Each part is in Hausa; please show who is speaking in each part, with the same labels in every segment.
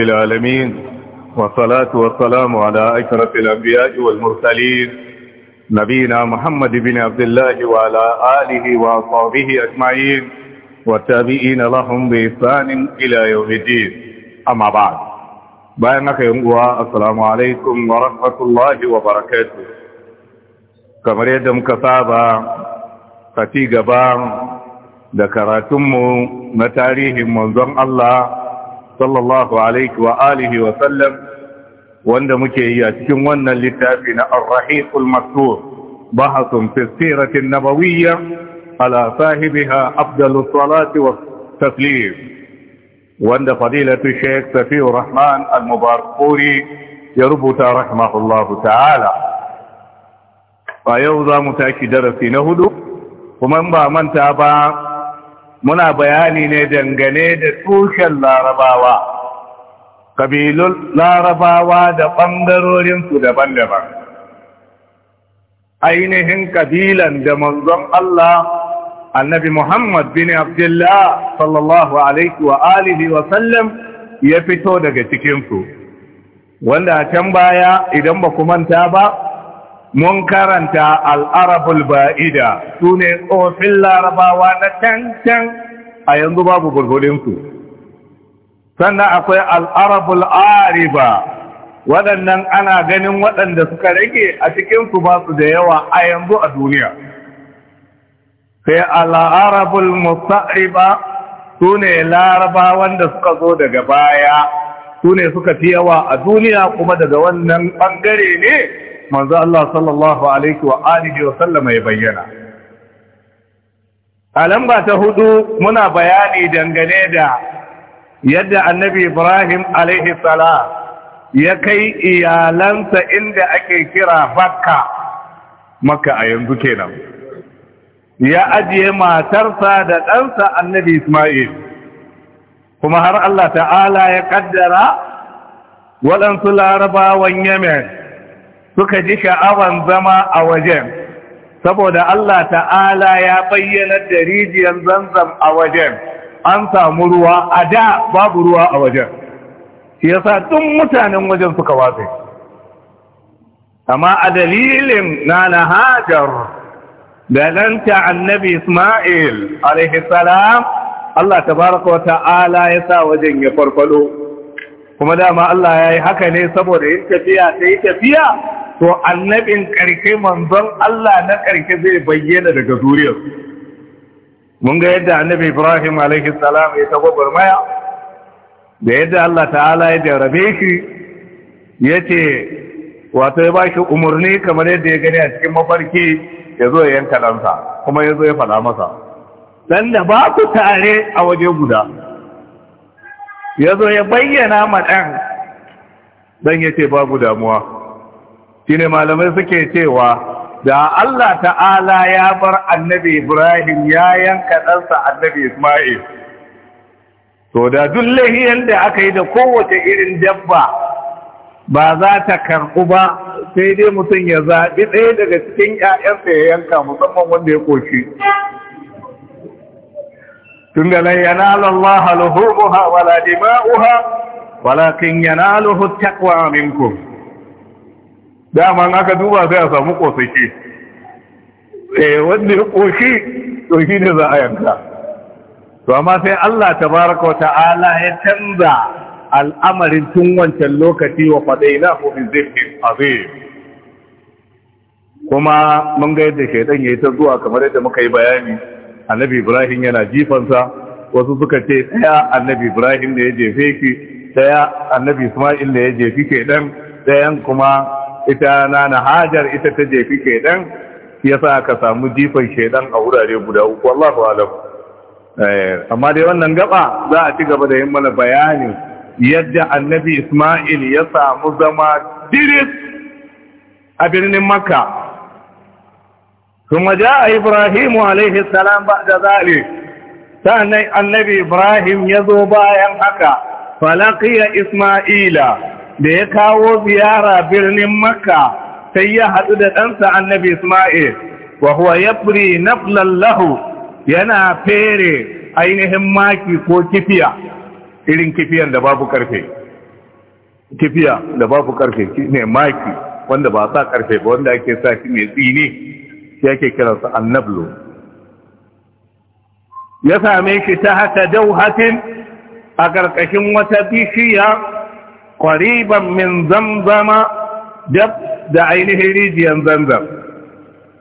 Speaker 1: العالمين والصلاة والسلام على أشرف الأنبياء والمرسلين نبينا محمد بن عبد الله وعلى آله وصحبه أجمعين والتابعين لهم بإحسان إلى يوم الدين أما بعد بينك يوم السلام عليكم ورحمة الله وبركاته كما ريدم كتابة فتيجة بام ذكرتم نتاريه منظم الله صلى الله عليه وآله وسلم وأن مكيات جمونا لتابنا الرحيق المكتور بحث في السيرة النبوية على صاحبها أفضل الصلاة والتسليم وأن فضيلة الشيخ سفي الرحمن المباركوري يربط رحمه الله تعالى فيوضى متأكد رسينه ومن من تابع muna bayani ne dangane da tushen larabawa kabilun larabawa da ɓangarorinsu daban-daban ainihin kabilan da manzon Allah annabi Muhammad bin Abdullah sallallahu alaihi wa alihi wa sallam ya fito daga cikinsu wanda a can baya idan ba kumanta manta ba mun karanta al'arabul ba'ida su ne tsofin larabawa na can-can a yanzu babu burburinsu sannan akwai al'arabul ariba waɗannan ana ganin waɗanda suka rage a cikinsu ba su da yawa a yanzu a duniya sai al'arabul musa'riba su ne larabawan da suka zo daga baya su ne suka fi yawa a duniya kuma daga wannan ɓangare ne manzo Allah sallallahu alaihi wa alihi wa sallama ya bayyana a lamba ta hudu muna bayani dangane da yadda annabi Ibrahim alaihi salam ya kai iyalansa inda ake kira Bakka Makka a yanzu kenan ya ajiye matarsa da ɗansa annabi Ismail kuma har Allah ta'ala ya kaddara waɗansu larabawan Yemen suka ji sha'awan zama a wajen saboda Allah ta'ala ya bayyana da rijiyar zanzam a wajen an samu ruwa a da babu ruwa a wajen shi sa tun mutanen wajen suka wafe. amma a dalilin na hajar da lanta annabi Ismail alaihi salam Allah tabaraka wa ta'ala ya sa wajen ya farfalo kuma dama Allah ya yi haka ne saboda yin tafiya ta yi tafiya to annabin ƙarke manzon Allah na ƙarke zai bayyana daga zuriyar mun ga yadda annabi Ibrahim alaihi salam ya tabo gurmaya da yadda Allah ta'ala ya jarabe shi yace wato ya bashi umarni kamar yadda ya gani a cikin mafarki ya zo ya yanka ɗansa kuma ya zo ya faɗa masa dan da ba ku tare a waje guda ya zo ya bayyana ma ɗan ɗan ya ce babu damuwa ne malamai suke cewa da Allah ta'ala ya bar annabi Ibrahim ya yanka ɗansa annabi Ismail. To da duk lahiyar da aka yi da kowace irin dabba ba za ta karɓu ba sai dai mutum ya zaɓi ɗaya daga cikin ‘ya'yansa ya yanka musamman wanda ya ƙoshi. Tun da lai yana lallaha wala dima'uha walakin yana luhu takwa minkum. dama aka duba sai a samu kosashe eh wanda ya koshi to shi ne za a yanka to amma sai Allah tabaraka wa ta'ala ya canza al'amarin tun wancan lokaci wa fadaila ko min zikrin azim kuma mun ga yadda shaidan yi ta zuwa kamar yadda muka yi bayani annabi Ibrahim yana jifansa wasu suka ce ɗaya annabi Ibrahim ne ya jefe shi daya annabi Isma'il ne ya jefi shaidan dayan kuma ita nana hajar ita ta jefi ya sa ka samu jifan shaidan a wurare guda uku wallahu alam eh, amma dai wannan gaba za a ci gaba da yin mana bayani yadda annabi Ismail ya samu zama diris a birnin Makka kuma ja a Ibrahimu alaihi salam ba da zalik sannan annabi Ibrahim ya zo bayan haka falaqiya Ismaila da ya kawo ziyara birnin makka sai ya haɗu da ɗansa annabi isma'il wa huwa yabri naflan lahu yana fere ainihin maki ko kifiya irin kifiyan da babu ƙarfe kifiya da babu ƙarfe ne maki wanda ba sa ƙarfe ba wanda ake sa shi mai tsini shi ake kiransa annablo ya same shi ta haka dauhatin a ƙarƙashin wata bishiya Kwariban min zamzama dab da ainihin rijiyar zanzam.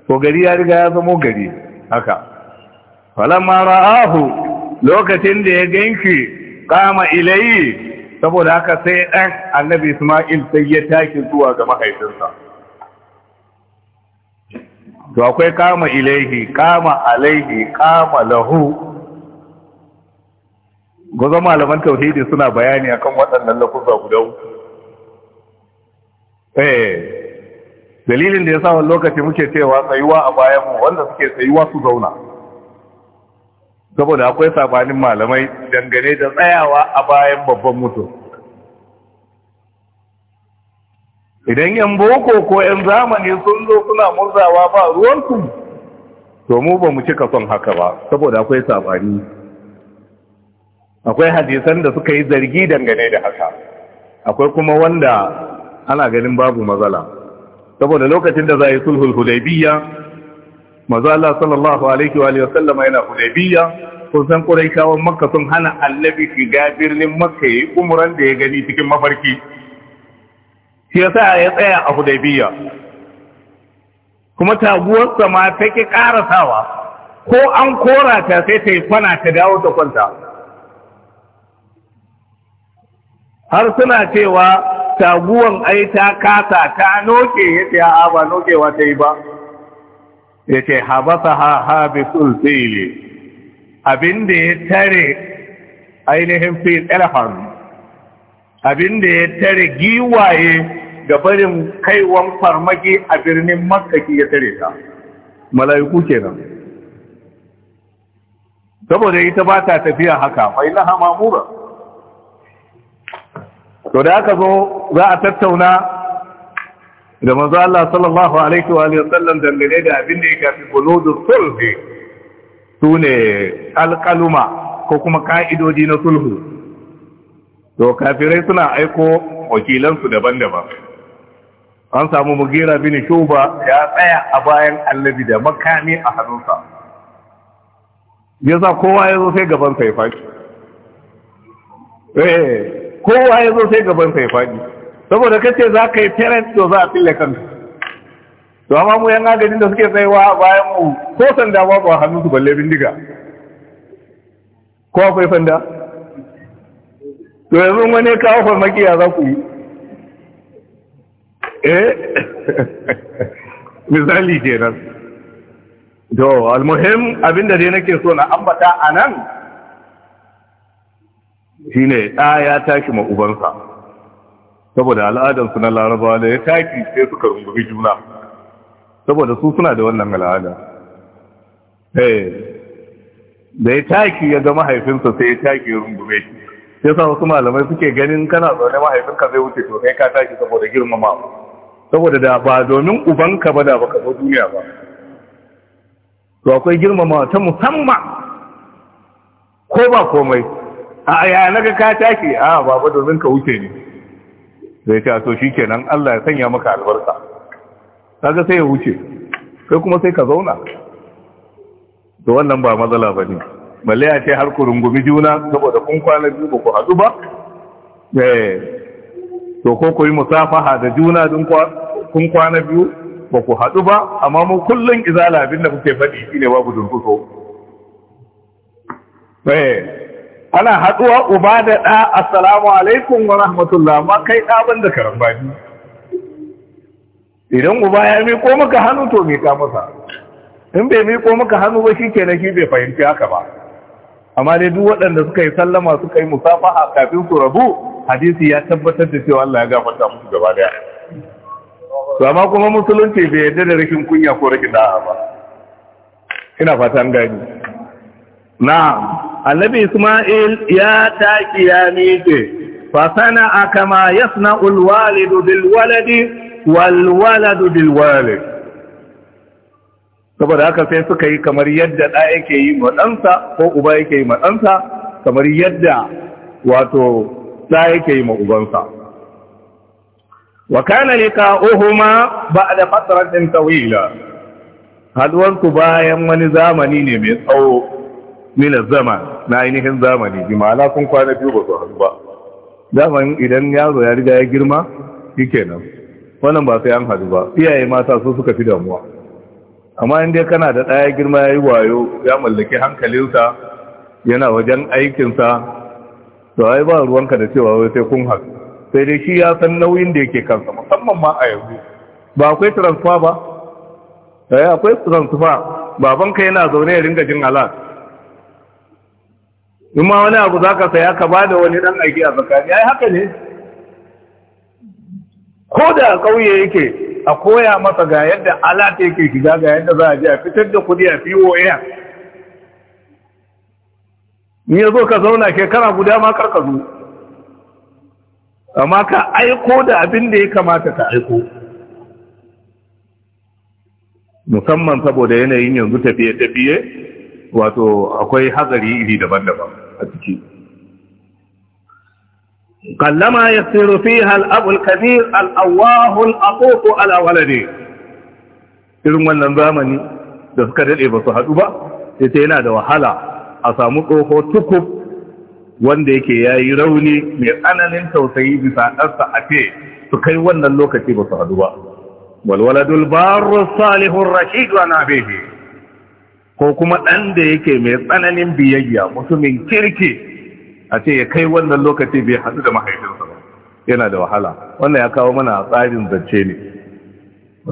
Speaker 1: ko gari ya riga ya zamo gari haka falamma ra'ahu lokacin da ya ganki kama ilaihi? saboda haka sai ɗan annabi Ismail sai ya take zuwa ga mahaifinsa to akwai kama ilaihi kama alaihi kama lahu gwazon malaman tauhidi suna bayani akan waɗannan lafuzza guda uku eh dalilin da ya sa wani lokaci muke cewa tsayuwa a mu wanda suke tsayuwa su zauna saboda akwai sabanin malamai dangane da tsayawa a bayan babban mutum idan yan boko ko yan zamani sun zo suna murzawa ba ruwansu to mu ba mu cika son haka ba saboda akwai sabani akwai hadisan da suka yi zargi dangane da haka akwai kuma wanda ana ganin babu mazala saboda lokacin da za yi sulhul maza mazala sallallahu alaihi wa sallama yana hudaybiya kun san quraishawan makka sun hana annabi shiga birnin makka yi umran da ya gani cikin mafarki shi yasa ya tsaya a hudaybiya kuma taguwarsa ma take karasawa ko an kora ta sai ta yi kwana ta dawo ta kwanta har suna cewa taguwan ai ta kasa ta noke ya ce ba nokewa ta yi ba ya ce habasa ha habisul fili abinda ya tare ainihin fil abinda ya tare giwaye ga barin kaiwan farmaki a birnin makaki ya tare ta mala'iku kenan saboda ita ba ta tafiya haka mai laha mamura to da aka zo za a tattauna da manzo Allah sallallahu alaihi wa sallam dangane da abin da ya fi buludu sulhi sune alqaluma ko kuma ka'idoji na sulhu to kafirai suna aiko wakilansu daban-daban an samu mugira bin shuba ya tsaya a bayan annabi da makami a hannunsa yasa kowa ya zo sai gaban sai fashi eh, kowa ya zo sai gaban ya faɗi saboda kace za ka yi parent to za a fille kanka to amma mu yan agajin da suke tsayawa bayan mu ko sanda babu a hannunsu balle bindiga ko akwai fanda? to yanzu wani kawo farmaki ya za ku yi eh misali kenan to almuhim abinda dai nake so na ambata anan shine ɗa ya tashi ma ubansa saboda al'adansu na Laraba da ya tashi sai suka rungumi juna saboda su suna da wannan al'ada eh, da ya tashi ya ga mahaifinsa sai ya tashi ya rungume shi sai sa wasu malamai suke ganin kana zaune mahaifinka zai wuce to kai ka tashi saboda girmama saboda da ba domin ubanka ba da baka zo duniya ba to akwai girmama ta musamman ko ba komai a ya naga ka take a baba domin ka wuce ne zai ta so shi kenan Allah ya sanya maka albarka kaga sai ya wuce kai kuma sai ka zauna to wannan ba matsala bane balle a ce har ku rungumi juna saboda kun kwana biyu ba ku hadu ba eh to ko ku yi musafaha da juna don kun kwana biyu ba ku hadu ba amma mu kullun izala abin da kuke faɗi shine babu durkuso eh ana haɗuwa uba da ɗa assalamu alaikum wa rahmatullah ma kai ɗaban da karambani idan uba ya miko maka hannu to mika masa in bai miko maka hannu ba shi kenan shi bai fahimci haka ba amma dai duk waɗanda suka yi sallama suka yi musafaha kafin su rabu hadisi ya tabbatar da cewa Allah ya gafarta musu gaba daya to amma kuma musulunci bai yarda da rashin kunya ko rashin da'a ba ina fatan gani na'am annabi Ismail ya taki ya miƙe fasana a kama yasna ulwalidu bilwaladi walwaladu bilwalid saboda haka sai suka yi kamar yadda ɗa yake yi maɗansa ko uba yake yi maɗansa kamar yadda wato ɗa yake yi ma'ubansa wa kana liqa'uhuma ba'da fatratin tawila haduwanku bayan wani zamani ne mai tsawo min zaman na ainihin zamani bi ma'ana kun kwana biyu ba su haɗu ba zamanin idan yaro ya riga ya girma shi kenan wannan ba sai an haɗu ba iyaye mata su suka fi damuwa amma inda kana da ɗaya girma ya yi wayo ya mallaki hankalinsa yana wajen aikinsa to ai ba ruwanka da cewa wai sai kun haɗu sai dai shi ya san nauyin da yake kansa musamman ma a yanzu ba akwai transfer ba sai eh, akwai transfer babanka yana zaune ya ringa jin alaƙa in ma wani abu za ka saya ka ba da wani ɗan aiki a tsakani ai haka ne ko da ƙauye yake a koya masa ga yadda alata yake shiga ga yadda za a je a fitar da kuɗi a ya ni ya zo ka zauna shekara guda ma karka zo amma ka aiko da abin da ya kamata ka aiko musamman saboda yanayin yanzu tafiye-tafiye wato akwai hazari iri daban-daban a ciki kallama ya tsiru fi hal'abul kabir al'awahul akoko alawalade irin wannan zamani da suka daɗe ba su haɗu ba sai ta yana da wahala a samu tsoho tukub wanda yake ya yi rauni mai tsananin tausayi bisa ɗansa a ce su kai wannan lokaci ba su haɗu ba walwaladul barus salihun rashidu ana bebe ko kuma ɗan da yake mai tsananin biyayya mutumin kirki a ce ya kai wannan lokaci bai haɗu da mahaifinsa ba yana da wahala wannan ya kawo mana tsarin zance ne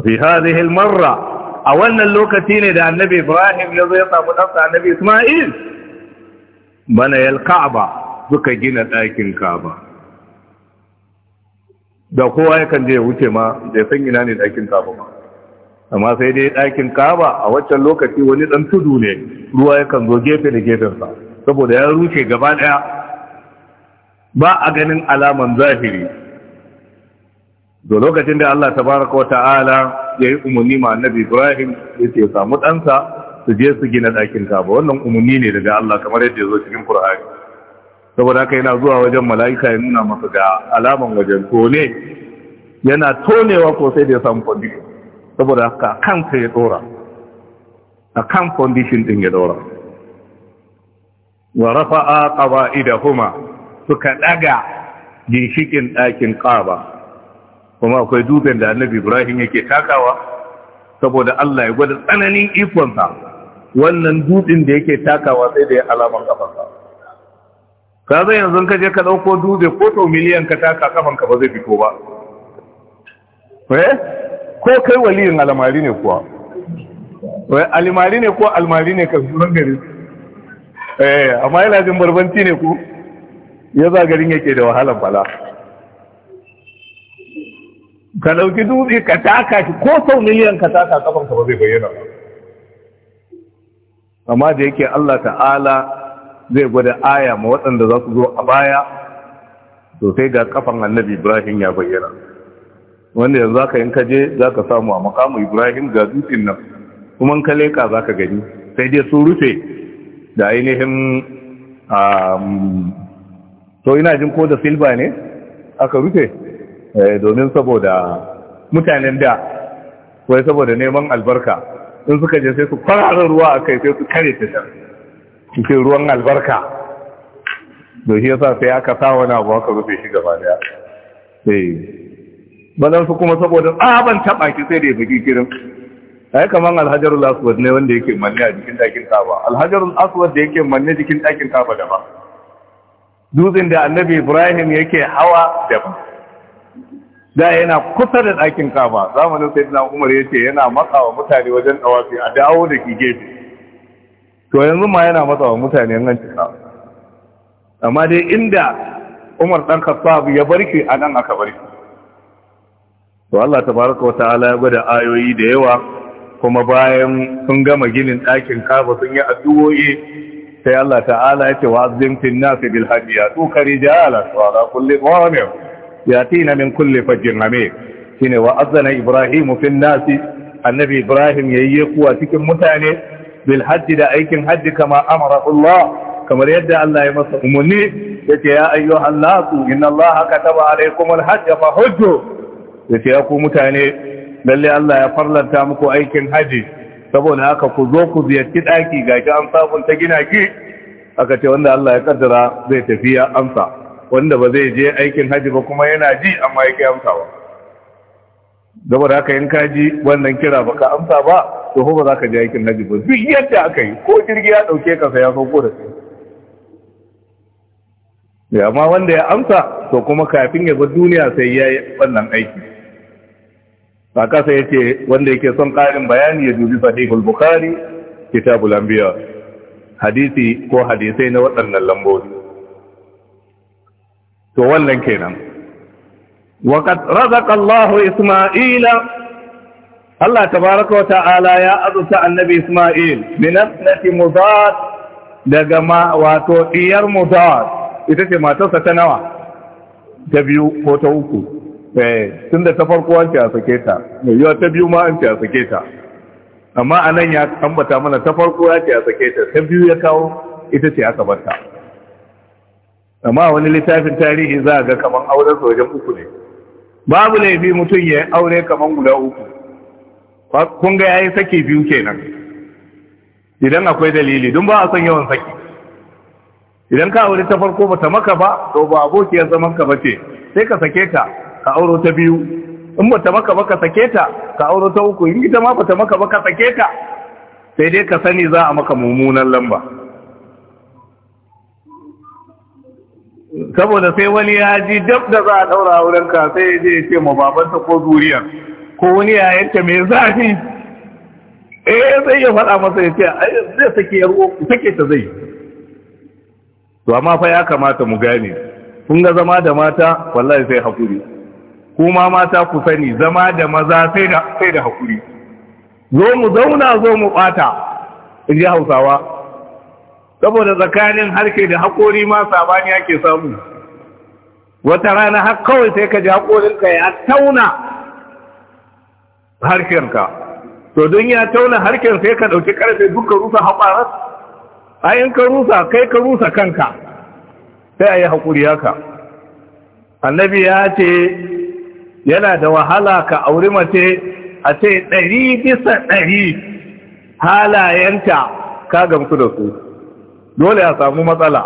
Speaker 1: fi hadhihi marra a wannan lokaci ne da annabi Ibrahim ya zo ya samu ɗansa annabi Isma'il bana Ka'aba suka gina ɗakin Ka'aba da kowa yakan je ya wuce ma bai san ina ne ɗakin Ka'aba ba amma sai dai ɗakin kaba a waccan lokaci wani ɗan tudu ne ruwa yakan zo gefe da gefensa saboda ya rushe gaba ɗaya ba a ganin alaman zahiri da lokacin da Allah tabaraka wa ta'ala ya yi umarni ma annabi Ibrahim ya ce samu ɗansa su je su gina ɗakin kaba wannan umarni ne daga Allah kamar yadda ya zo cikin Qur'ani saboda haka yana zuwa wajen mala'ika ya nuna masa ga alaman wajen tone yana tonewa ko sai da ya samu condition saboda haka a kansa ya dora a kan foundation din ya dora wa rafa'a kuma suka ɗaga ginshikin ɗakin ƙaba kuma akwai dutsen da annabi ibrahim yake takawa saboda allah ya gwada tsananin ikonsa wannan dutsen da yake takawa sai da ya alaman kafarsa. ka zai yanzu ka je ka ɗauko dutse ko to miliyan ka taka kafanka ba zai fito ba eh? ko kai waliyin alamari ne kuwa wai ne ko almari ne kan sunan gari eh amma yana jin barbanci ne ku ya za garin yake da wahalar bala ka dauki dubi ka taka shi ko sau miliyan ka taka kafan ka ba zai bayyana amma da yake Allah ta'ala zai gwada aya ma waɗanda za su zo a baya sosai ga kafan annabi Ibrahim ya bayyana wanda yanzu aka in ka je ka samu a makamu Ibrahim ga dutsen nan kuma ka leka ka gani sai dai su rufe da ainihin um, to ina jin ko da silba ne aka rufe eh, domin saboda mutanen da wai saboda neman albarka in suka je sai su kwararar ruwa a kai sai su kare ta shi ruwan albarka da shi yasa sai aka sa wani abu ka rufe shi gaba daya eh. su kuma saboda tsaban taɓa ki sai da ya fi kirin ai kaman alhajarul aswad ne wanda yake manne a jikin ɗakin kaba alhajarul aswad da yake manne jikin ɗakin kaba da ba. dutsen da annabi ibrahim yake hawa da ba. da yana kusa da ɗakin kaba zamanin sayyidina umar yace yana matsawa mutane wajen dawafi a dawo da ke gefe to yanzu ma yana matsawa mutane ganci cika amma dai inda umar dan khattab ya barke a nan aka barke to Allah tabaraka wa ta'ala ya gwada ayoyi da yawa kuma bayan sun gama ginin ɗakin kaba sun yi addu'o'i sai Allah ta'ala ya ce wa azim fil nasi bil hadi ya tu karijala wa ala kulli ya tina min kulli fajin amik shine wa azana ibrahim fil nasi annabi ibrahim yayi kuwa cikin mutane bil hadi da aikin hadi kama amara Allah kamar yadda Allah ya masa umarni yace ya ayyuhan nasu inna Allah kataba alaykumul hajja fa hujju yace ya ku mutane lalle Allah ya farlanta muku aikin haji saboda haka ku zo ku ziyarci daki gaji an ta gina ki aka ce wanda Allah ya kaddara zai tafi ya amsa wanda ba zai je aikin haji ba kuma yana ji amma yake amsawa saboda haka in ka ji wannan kira baka amsa ba to ba za ka je aikin haji ba duk yadda aka yi ko jirgi ya dauke ka sai ya sauko da shi. amma wanda ya amsa to kuma kafin ya bar duniya sai ya yi wannan aiki ba kasa yake wanda yake son ƙarin bayani ya dubi sahihul bukhari kitabul hadisi ko hadisai na waɗannan lambobi to wannan kenan wa qad razaqa Allahu Isma'ila Allah tabaaraka wa ta'ala ya azuta annabi Isma'il min nafsi mudad daga ma wato diyar mudad ita ce matarsa ta nawa ta biyu ko ta uku Eh, tun da ta farko an ta sake ta mai yiwa ta biyu ma an ta sake ta amma a nan ya tambata mana ta farko ya ta sake ta ta biyu ya kawo ita ce aka ta amma wani littafin tarihi za a ga kaman auren sojan uku ne babu laifi mutum ya aure kaman guda uku kun ga yayi saki biyu kenan idan akwai dalili don ba a son yawan saki idan ka aure ta farko bata maka ba to ba abokiyar zaman ka bace sai ka sake ta ka auro ta biyu in ba ta maka ba sake ta ka auro ta uku in ita ma ba ta maka ba ka sake ta sai dai ka sani za a maka mummunan lamba saboda sai wani ya ji dab da za a daura ka sai ya je ce ma babanta ko zuriya ko wani ya yanke mai zafi eh sai ya faɗa masa ya ce zai sake yar sake ta zai to amma fa ya kamata mu gane kun ga zama da mata wallahi sai hakuri kuma mata ku sani zama da maza sai da sai da hakuri zo mu zauna zo mu bata in ji hausawa saboda tsakanin harke da haƙori ma sabani ake samu wata rana har kawai sai ka ji ka ya tauna harkenka to don ya tauna harken sai ka ɗauki ƙarfe duka rusa haɓarar ayin ka rusa kai ka rusa kanka sai a yi haƙuri haka annabi ya ce yana da wahala ka auri mace a ce ɗari bisa ɗari halayenta ka gamsu da su dole a samu matsala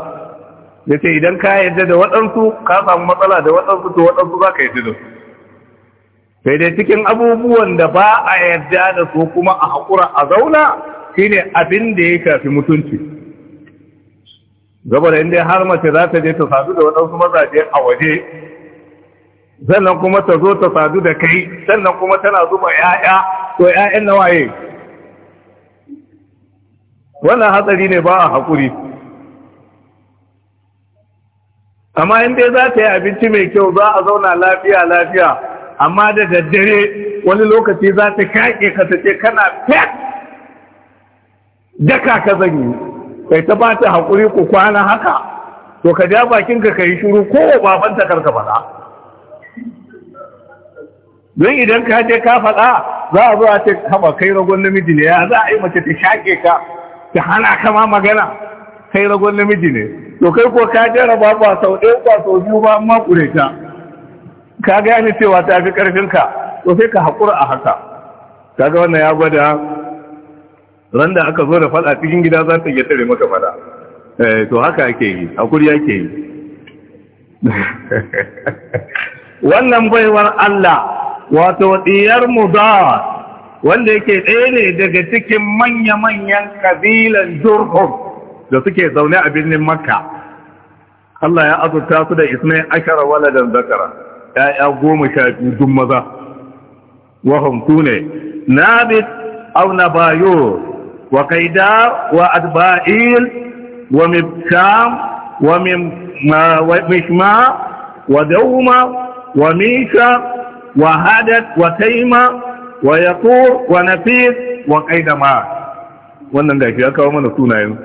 Speaker 1: da ce idan ka yadda da waɗansu ka samu matsala da waɗansu to waɗansu za ka yadda da su sai dai cikin abubuwan da ba a yadda da su kuma a haƙura a zauna shine abin da ya shafi mutunci gaba da inda har mace za ta je ta sadu da waɗansu mazaje a waje sannan kuma ta zo ta sadu da kai sannan kuma tana zuba ‘ya'ya to ‘ya'yan na waye wannan hatsari ne ba a haƙuri amma in dai za ta yi abinci mai kyau za a zauna lafiya lafiya amma da daddare wani lokaci za ta kake ka ta ce kana fet daka ka zanyi kai ta ba ta haƙuri ku kwana haka to ka ja bakinka ka yi shuru ko babanta karka faɗa don idan ka je ka faɗa za a zuwa a ce haɓa kai ragon namiji ne ya za a yi mace ta shaƙe ka ta hana kama magana kai ragon namiji ne to kai ko ka jaraba ba sau ɗaya ba sau biyu ba amma ƙure ta ka gane cewa ta fi ƙarfin ka to sai ka haƙura a haka ga wannan ya gwada ran da aka zo da faɗa cikin gida za ta gyatare maka faɗa eh, to haka ake yi haƙuri ake yi wannan baiwar Allah wato diyar mudar wanda yake ɗaya ne daga cikin manya-manyan kabilan jurhum da suke zaune a birnin makka Allah ya azurta su da ismai ashara waladan zakara ya'ya goma sha biyu dun maza wahum su ne nabit au nabayo wa kaida wa adba'il wa mibkam wa mishma wa dauma wa misha وهدد وتيمة ويقور ونفيس وقيدما wannan gashi ya kawo mana sunayensu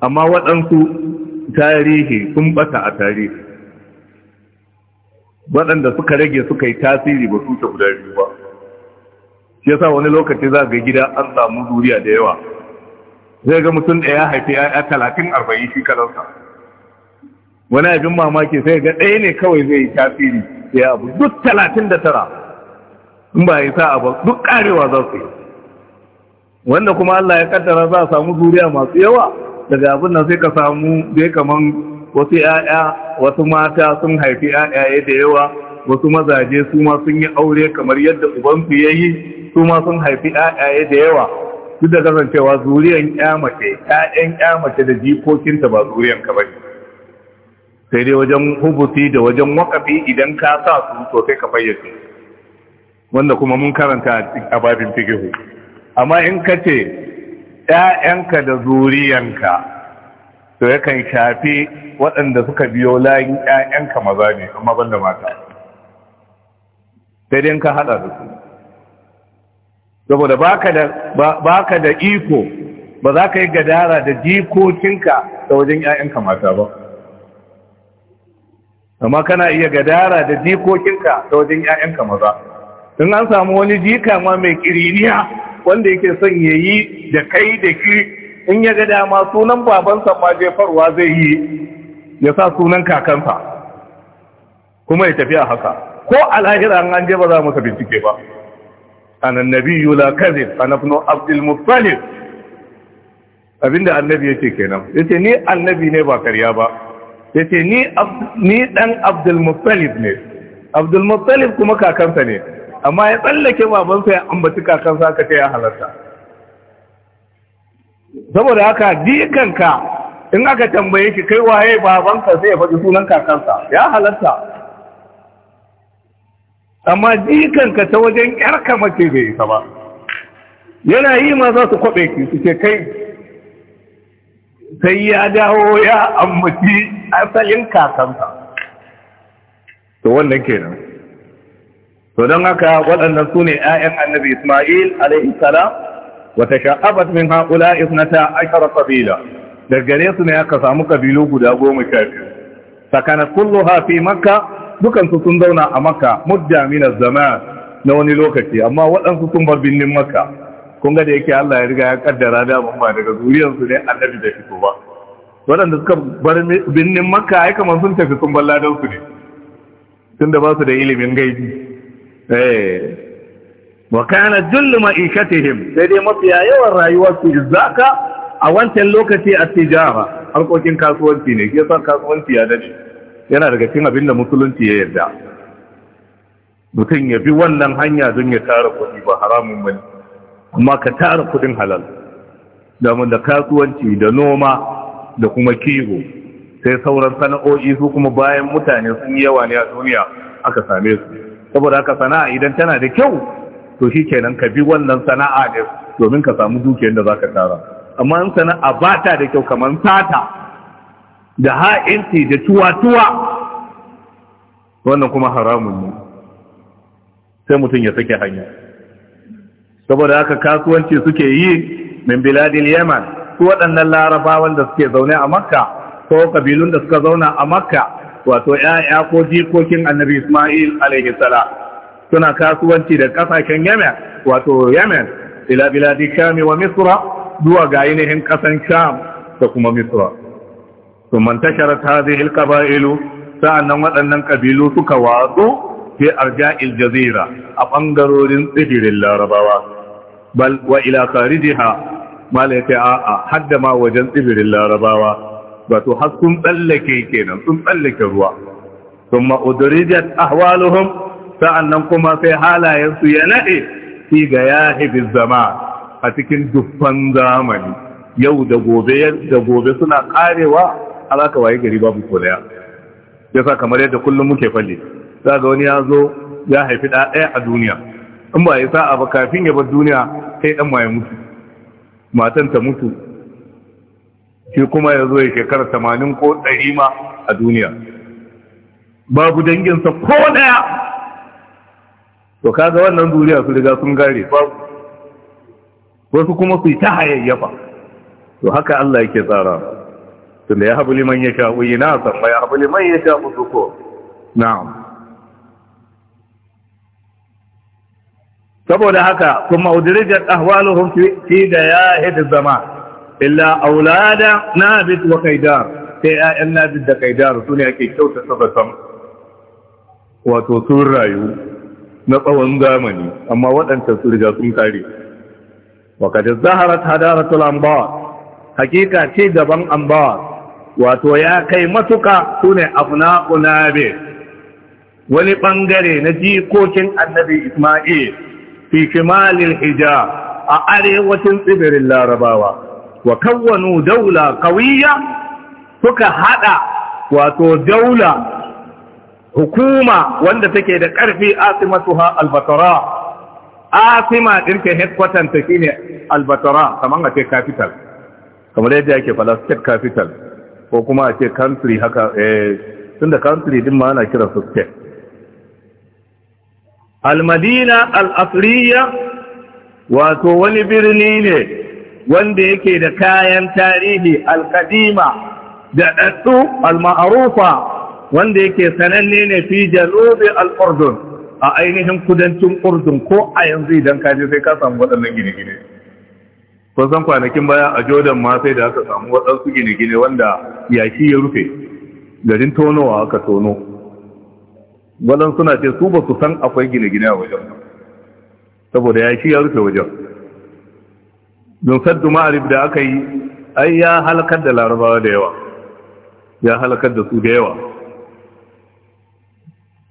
Speaker 1: amma waɗansu tarihi sun bata a tarihi waɗanda suka rage suka yi tasiri ba su ta guda biyu ba shi yasa wani lokaci za ga gida an samu zuriya da yawa zai ga mutum da ya haifi ya talatin arba'in shi kalarsa. wani abin mamaki sai ga ɗaya ne kawai zai yi tasiri ya abu duk talatin da tara in ba yi sa abu duk karewa za su yi wanda kuma Allah ya kaddara za a samu zuriya masu yawa daga abin nan sai ka samu dai kaman wasu 'ya'ya wasu mata sun haifi 'ya'ya da yawa wasu mazaje su ma sun yi aure kamar yadda uban ya yi su ma sun haifi 'ya'ya da yawa duk da kasancewa zuriyan ƴa mace ƴaƴan ƴa da jikokinta ba zuriyan ka bane sai dai wajen hubuti da wajen wakafi idan ka sa su to sai ka fayyace wanda kuma mun karanta a babin fikihu amma in ka ce ‘ya'yanka da zuriyanka to ya kan shafi waɗanda suka biyo layin ‘ya'yanka maza ne amma ban da mata sai dai ka haɗa da su saboda ba ka da iko ba za ka yi gadara da jikokinka da wajen ‘ya'yanka mata ba amma kana iya gadara da jikokinka ta wajen 'ya'yanka maza in an samu wani jika ma mai kiriniya wanda yake son ya yi da kai da ki in ya ga dama sunan babansa ma jefarwa zai yi ya sa sunan kakansa kuma ya tafi a haka ko al'ahira an an je ba za mu bincike ba an annabi yula kazin an afinu abdul muttalib abinda annabi yake kenan yace ni annabi ne ba karya ba ya ce ni ɗan abdulmuttalif ne abdulmuttalif kuma kakansa ne amma ya tsallake babansa ya ambaci kakansa aka ce ya halarta saboda haka dikanka in aka tambaye shi kai waye babansa sai ya faɗi sunan kakansa ya halarta amma dikanka ta wajen yarka mace bai isa ba yana yi ma za su kwaɓe ki su ce kai sai ya dawo ya ambaci asalin kakansa to wannan kenan to don haka waɗannan su ne ‘ya'yan annabi Ismail alaihissalam wata sha'abat min haƙula isnata ashara kabila da gare su ne aka samu kabilu guda goma sha biyu sakana kullu hafi makka dukansu sun zauna a makka mudda min na wani lokaci amma waɗansu sun bar birnin makka kun ga da yake Allah ya riga ya kaddara da mun ba daga su ne annabi da fito ba waɗanda suka bar binnin makka ai kamar sun tafi sun balla da su ne tunda ba su da ilimin gaibi eh wa kana jullu ma'ikatihim sai dai mafiya yawan rayuwar su zaka a wancan lokaci a tijara harkokin kasuwanci ne ke san kasuwanci ya dace yana daga cikin abin da musulunci ya yarda mutum ya bi wannan hanya don ya tara kuɗi ba haramun bane amma ka tara kudin halal damun da kasuwanci da noma da kuma kiwo sai sauran sana'o'i su kuma bayan mutane sun yi yawa ne a duniya aka same su saboda haka sana'a idan tana da kyau to shi kenan ka bi wannan sana'a ne domin ka samu dukiyar da za ka tara amma in sana'a ba ta da kyau kamar sata da ha'inci da tuwa-tuwa wannan kuma haramun ne sai mutum ya sake hanya saboda haka kasuwanci suke yi min biladil yaman su waɗannan larabawan da suke zaune a makka ko kabilun da suka zauna a makka wato ya'ya ko jikokin annabi isma'il alaihi salam suna kasuwanci da kasashen yamen wato yamen ila biladi kami wa misra zuwa ga ainihin kasan sham da kuma misra su mantashara ta zai hilka ba'ilu sa'annan waɗannan kabilu suka watsu fi arja'il jazira a ɓangarorin tsibirin larabawa bal wa ila kharijiha mala yace a'a hadda ma wajen tsibirin larabawa wato har tsallake kenan sun tsallake ruwa thumma udrijat ahwaluhum sa'annan kuma sai halayen su ya nade fi ya yahibiz zama a cikin dukkan zamani yau da gobe da gobe suna karewa alaka waye gari babu kolaya yasa kamar yadda kullum muke falle zaga wani ya zo ya haifi ɗaya a duniya in ba ya sa'a ba kafin ya bar duniya sai dan ma ya mutu matan ta mutu shi kuma ya zo ya shekara tamanin ko ɗari ma a duniya babu danginsa ko ɗaya to kaga wannan duniya su riga sun gare babu wasu kuma su yi ta hayayyafa to haka Allah yake tsara tunda ya habu liman ya sha'u yi na san ya habu liman ya sha'u suko na'am saboda haka kuma udrijat ahwaluhum fi dayahid zama illa aulada nabit wa Kaidar, sai ayyan nabit da Kaidar su ne ake kyauta sabatan wato sun rayu na tsawon zamani amma waɗancan su riga sun kare wa kad zaharat hadaratul anbar hakika ce gaban anbar wato ya kai matuka sune abna'u nabi wani bangare na jikokin annabi isma'il fi shimalil hijab a arewacin tsibirin larabawa wa kawwanu daula kawiya suka hada wato daula hukuma wanda take da karfi asimatuha albatara asima din ke headquarters ta shine albatara kamar a ce capital kamar yadda yake falastin capital ko kuma a ce country haka eh tunda country din ma ana kiransu state almadina al'afriya wato wani birni ne wanda yake da kayan tarihi alkadima da ɗaɗɗu alma'arufa wanda yake sananne ne fi jalobe al'urdun a ainihin kudancin urdun ko a yanzu idan kaji sai ka samu waɗannan gine-gine kusan kwanakin baya a jordan ma sai da aka samu waɗansu gine-gine wanda yashi ya rufe garin tonowa aka tono walan suna ce su ba su san akwai gine-gine a wajen saboda ya shi ya rufe wajen don saddu ma'arif da aka yi ai ya halakar da larabawa da yawa ya halakar da su da yawa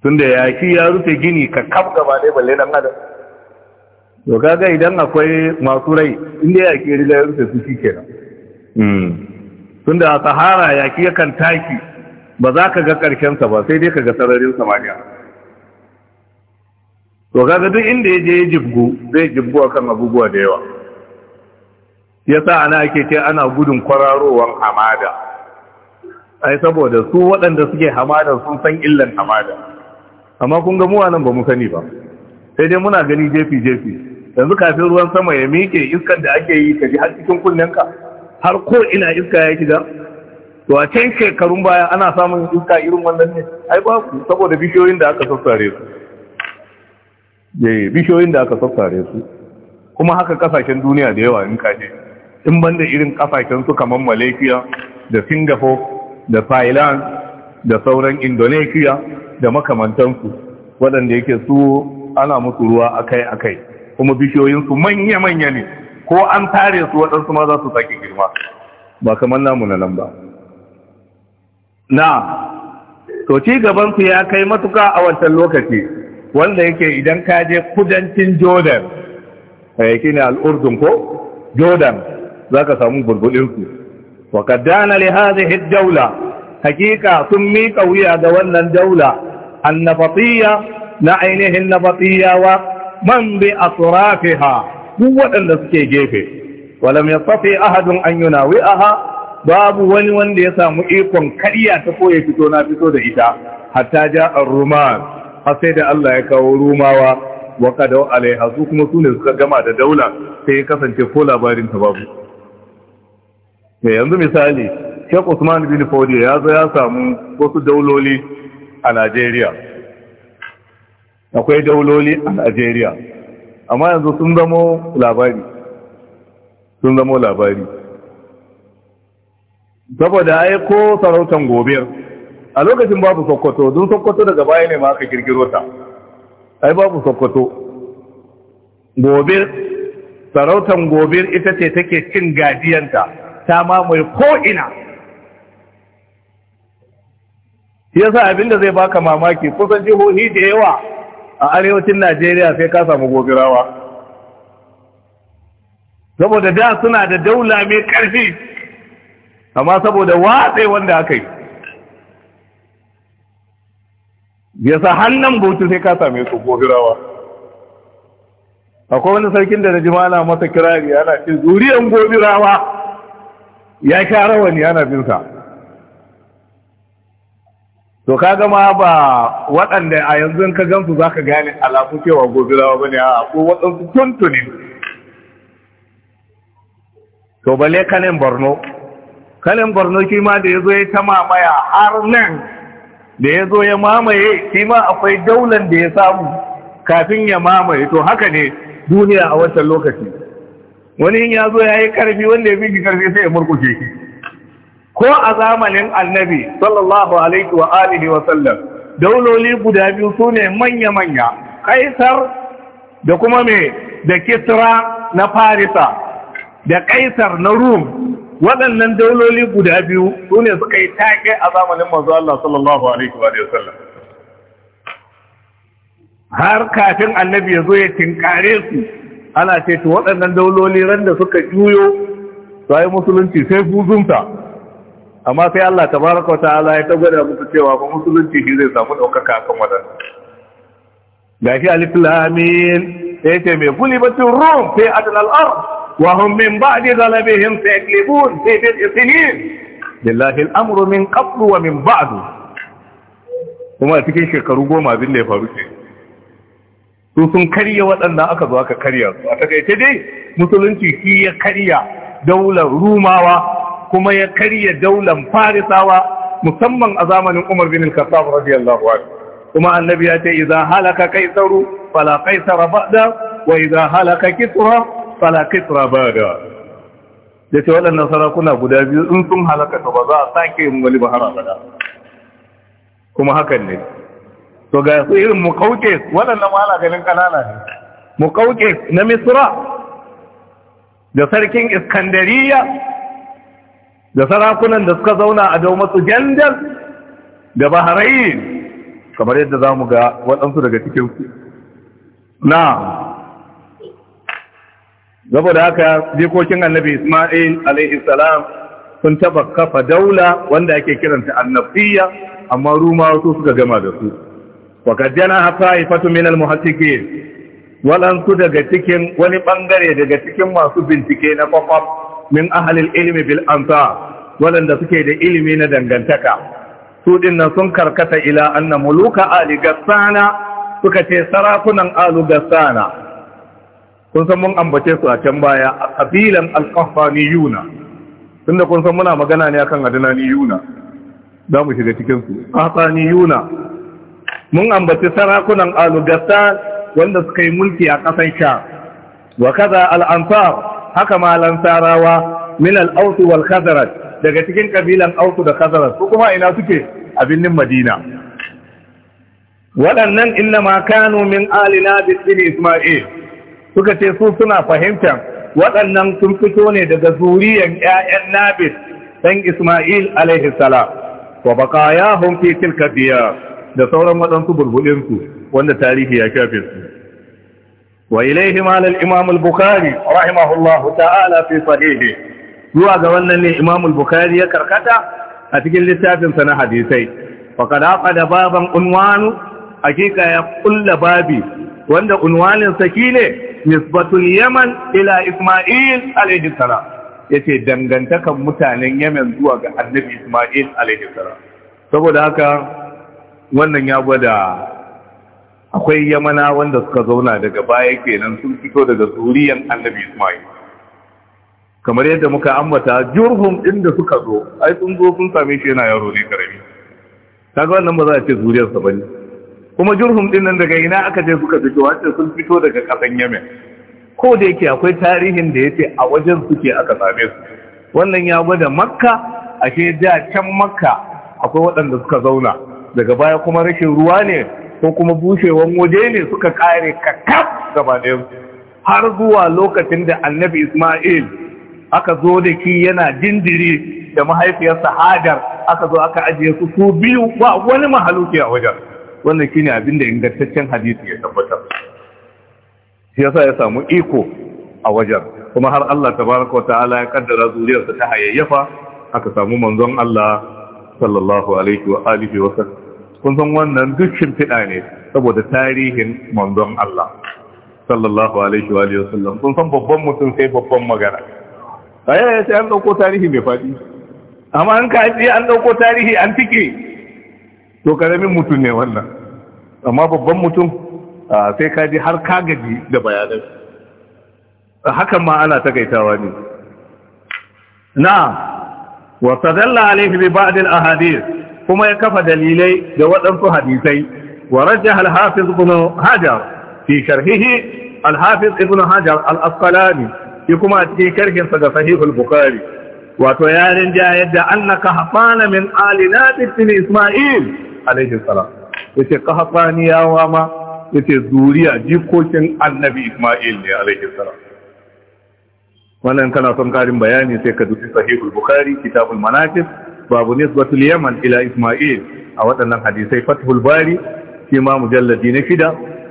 Speaker 1: tun da ya shi ya rufe gini ka kam gaba ɗaya balle dan adam to kaga idan akwai masu rai inda ya ke riga ya rufe su shi kenan hmm. tun da a sahara ya ki yakan taki ba za ka ga ƙarshensa ba sai dai ka ga sararin samaniya to kaga duk inda ya je ya jibgu zai jibgu akan abubuwa da yawa Ya sa ana ake ce ana gudun kwararowar hamada ai saboda su waɗanda suke hamada sun san illan hamada amma kun ga muwanan ba mu sani ba sai dai muna gani jefi jefi yanzu kafin ruwan sama ya miƙe iskan da ake yi ka ji har cikin kunnenka har ko ina iska ya shiga to a can shekarun baya ana samun iska irin wannan ne ai ku saboda bishiyoyin da aka sassare su eh, bishiyoyin da aka sassare su kuma haka kasashen duniya da yawa in kaje in banda irin kasashen su kamar Malaysia da Singapore da Thailand da sauran Indonesia da makamantansu waɗanda yake su ana musu ruwa akai-akai kuma bishiyoyin su manya-manya ne ko an tare su waɗansu ma za su sake girma ba kamar namu na nan ba na to ci gabansu ya kai matuka a wancan lokaci wanda yake idan ka je kudancin jordan yake eh, ne al'urdun ko jordan za ka samu burbudinsu wa kaddana li hadhihi ad-dawla hakika sun miƙa wuya ga wannan daula annabatiya na ainihin wa man bi asrafiha duk waɗanda suke gefe walam yastati ahadun an yunawi'aha babu wani wanda ya samu ikon karya ta koya fito na fito da ita hatta ja ar-ruman har sai da Allah ya kawo rumawa wa qadaw alaiha su kuma sune suka gama da daula sai ya kasance ko labarin ta babu me yanzu misali Sheikh Usman bin Fodi ya zo ya samu wasu dauloli a Najeriya akwai dauloli a Najeriya amma yanzu sun zamo labari sun zamo labari saboda ai ko sarautan gobiyar a lokacin babu sokoto don sokoto daga baya ne ma aka kirkiro ta ai babu sokoto Gobe, sarautan gobe, ita ce take cin gajiyanta ta mamaye ko'ina yasa da zai baka mamaki kusan jihohi da yawa a arewacin najeriya sai ka samu gobirawa saboda da suna da daula mai ƙarfi amma saboda watse wanda aka yi ya sa hannun bautu sai ka same su gobirawa akwai wani sarkin da na ji ana masa kirari ana cin zuriyan gobirawa ya sha rawani ana sa to ka gama ba waɗanda a yanzu ka gansu za ka gane alaƙu cewa gobirawa ba ne a ko waɗansu tuntuni to bale kanin borno kalin barno shi ma da ya zo ya ta mamaya har nan da ya zo ya mamaye shi ma akwai daular da ya samu kafin ya mamaye to haka ne duniya a wancan lokaci wani ya zo ya yi karfi wanda ya fi karfi sai ya murkushe shi ko a zamanin annabi sallallahu alaihi wa alihi wa sallam dauloli guda biyu su ne manya-manya kaisar da kuma mai da kisra na farisa da kaisar na rum waɗannan dauloli guda biyu su ne suka yi take a zamanin manzo Allah sallallahu alaihi wa sallam har kafin annabi ya zo ya tinkare su ana ce ta waɗannan dauloli ran da suka juyo to yi musulunci sai buzunta amma sai Allah baraka wa ta'ala ya gwada musu cewa ba musulunci shi zai samu ɗaukaka kan waɗannan gashi alif Lamin, sai ce mai gulibatin Rom sai adal al'ar. وهم من بعد غلبهم سيغلبون في بضع سنين لله الامر من قبل ومن بعد kuma a cikin shekaru goma abin da faru ce sun karya waɗanda aka zo aka karya su a takaice dai musulunci shi ya karya daular rumawa kuma ya karya daular farisawa musamman a zamanin umar bin al-khattab radiyallahu anhu kuma annabi ya ce idza halaka kaisaru fala kaisara ba'da wa idza halaka kisra fala kitra bada ce waɗannan sarakuna guda biyu in sun halaka ba za a sake yin wani ba kuma hakan ne to ga su irin muqawqis waɗannan wala ganin kanana ne muqawqis na misra da sarkin iskandariya da sarakunan da suka zauna a masu jandar da bahrain kamar yadda zamu ga waɗansu daga cikin su na saboda haka jikokin annabi Ismail alaihi salam sun taba kafa daula wanda ake kiranta annabiyya amma rumawa su suka gama da su وقد جنى طائفة من المحققين waɗansu daga cikin wani ɓangare daga cikin masu bincike na kwakwaf min ahalil ilimi bil amsa waɗanda suke da ilimi na dangantaka su dinnan sun karkata ila anna muluka ali gassana suka ce sarakunan alu gassana kun san mun ambace su a can baya a kabilan alqahaniyuna tunda kun san muna magana ne akan adnaniyuna za mu shiga cikin su qahaniyuna mun ambace sarakunan alugasta wanda suka yi mulki a ƙasar sha wa kaza al haka ma lansarawa min al wal khazraj daga cikin kabilan aus da khazraj ko kuma ina suke a birnin madina waɗannan inna ma kanu min alina bin isma'il suka ce su suna fahimtar waɗannan sun fito ne daga zuriyar 'ya'yan nabis ɗan isma'il alaihi salam wa baqayahum fi tilka diyar da sauran waɗansu bulbulinsu wanda tarihi ya shafe su wa ilaihi malal imam al-bukhari rahimahullahu ta'ala fi sahihi zuwa ga wannan ne imam al-bukhari ya karkata a cikin littafinsa na hadisai faqad da baban unwanu hakika ya kulla babi wanda unwanin sa ne? nisbatul yaman ila isma'il alaihi salam yace dangantakan mutanen yaman zuwa ga annabi isma'il alaihi salam saboda haka wannan ya gwada akwai yamana wanda suka zauna daga baya kenan sun fito daga zuriyan annabi isma'il kamar yadda muka ambata jurhum inda suka zo ai sun zo sun same shi yana yaro ne karami kaga wannan ba za a ce zuriyarsa bane kuma jurhum din nan daga ina aka je suka fito wace sun fito daga kasan yemen ko da yake akwai tarihin da yace a wajen suke aka same su wannan ya gwada makka ashe da can makka akwai waɗanda suka zauna daga baya kuma rashin ruwa ne ko kuma bushewan waje ne suka kare kakkaf gaba ɗaya har zuwa lokacin da annabi isma'il aka zo da ki yana dindiri da mahaifiyarsa hajar aka zo aka ajiye su su biyu ba wani mahaluki a wajen wannan shine abin da ingantaccen hadisi ya tabbatar shi yasa ya samu iko a wajen kuma har Allah tabaraka ta'ala ya kaddara zuriyarsa ta hayayyafa aka samu manzon Allah sallallahu alaihi wa alihi wa sallam kun san wannan duk shimfiɗa ne saboda tarihin manzon Allah sallallahu alaihi wa alihi wa sallam kun san babban mutum sai babban magana ayaya sai an dauko tarihi mai fadi amma an ka an dauko tarihi an tike to karamin mutum ne wannan amma babban mutum sai ka ji har ka gaji da bayanan hakan ma ana takaitawa ne na'am wa tadalla alayhi bi ba'd al ahadith kuma ya kafa dalilai da waɗansu hadisai wa rajjaha al hafiz ibn hajar fi sharhihi al hafiz ibn hajar al asqalani shi kuma a cikin sharhin sa ga sahihul bukhari wato yarin da yadda annaka hafana min ali nabi ibn isma'il alaihi salam yace qahtaniyawa ma yace zuriya jikokin annabi isma'il ne alaihi salam wannan kana son karin bayani sai ka dubi sahihul bukhari kitabul manaqib babu nisbatul yaman ila isma'il a waɗannan hadisai fathul bari shi ma mujalladi na shida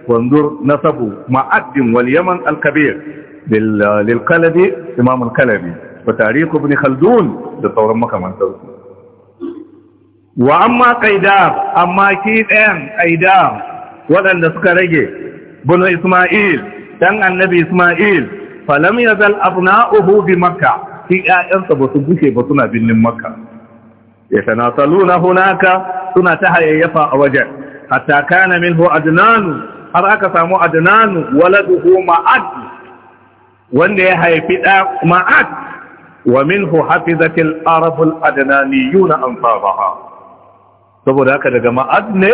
Speaker 1: wanzur nasabu ma'addin wal yaman al-kabir lil kalabi imam al-kalabi wa tarikh ibn khaldun da sauran makamantansu wa amma qaidar amma ki ɗayan qaidar waɗanda suka rage bunu isma'il dan annabi isma'il falam yazal abna'uhu bi makka ki ƴaƴansa ba su gushe ba suna binnin makka yatanasaluna hunaka suna ta hayayyafa a wajen hatta kana minhu adnanu har aka samu adnanu waladuhu ma'ad wanda ya haifi da ma'ad ومنه حفظت العرب الأدنانيون أنصابها saboda haka daga ma'ad ne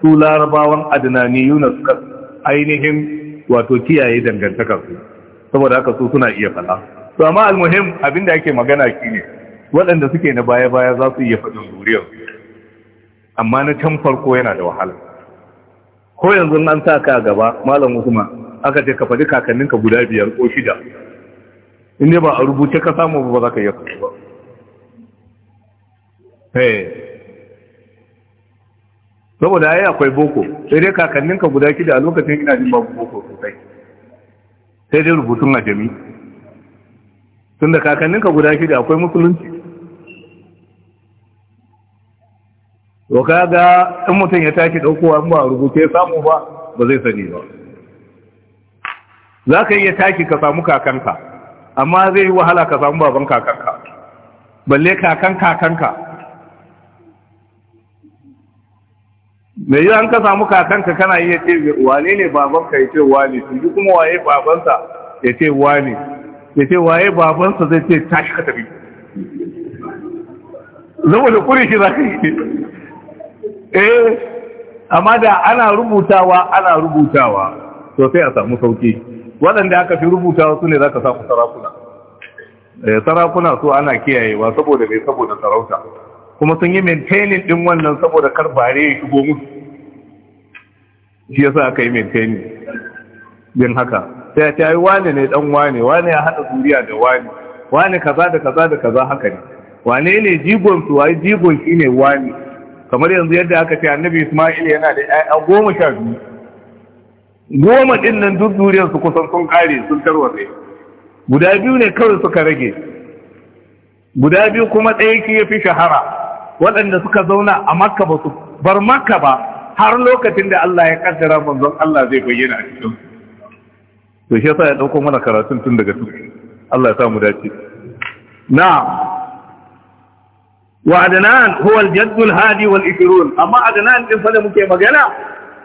Speaker 1: su larabawan yuna suka ainihin wato kiyaye dangantakar su saboda haka su suna iya fada to amma almuhim abinda ake magana ne. waɗanda suke na baya-baya za su iya faɗin zuriyar amma na can farko yana da wahala ko yanzu an sa ka gaba malam usman aka ce ka faɗi kakanninka guda biyar ko shida in ne ba a rubuce ka samu ba za ka iya faɗi ba eh. saboda yayi akwai boko sai dai kakannin ka guda kida a lokacin ina jin babu boko sosai sai dai rubutun a tun tunda kakannin ka guda kida akwai musulunci to kaga in mutum ya tashi daukowa in ba rubuce samu ba ba zai sani ba za ka iya tashi ka samu kakanka amma zai yi wahala ka samu baban kakanka balle kakan kakanka me yi an ka samu kakanka kana iya ce wane ne babanka ya ce wane shi kuma waye babansa ya ce wane ya ce waye babansa zai ce tashi ka tafi zama da kuri shi za ka yi eh amma da ana rubutawa ana rubutawa to sai a samu sauki waɗanda aka fi rubutawa su ne za ka samu sarakuna eh, sarakuna su ana kiyayewa saboda mai saboda sarauta kuma sun yi maintaining din wannan saboda kar bare ya shigo musu shi yasa aka yi maintaining din haka sai ta yi wane ne dan wane wane ya hada zuriya da wane wane kaza da kaza da kaza haka ne wane ne jigon su wai jigon ne wane kamar yanzu yadda aka ce annabi Isma'il yana da ƴaƴa goma sha biyu goma din nan duk zuriyar su kusan sun kare sun tarwatse guda biyu ne kawai suka rage guda biyu kuma ɗaya ki ya fi shahara waɗanda suka zauna a makka ba su bar makka ba har lokacin da Allah ya kaddara manzon Allah zai bayyana a cikin to shi yasa ya dauko mana karatun tun daga tun Allah ya sa mu dace na'am wa adnan huwa al-jadd al-hadi wal-20 amma adnan din fa da muke magana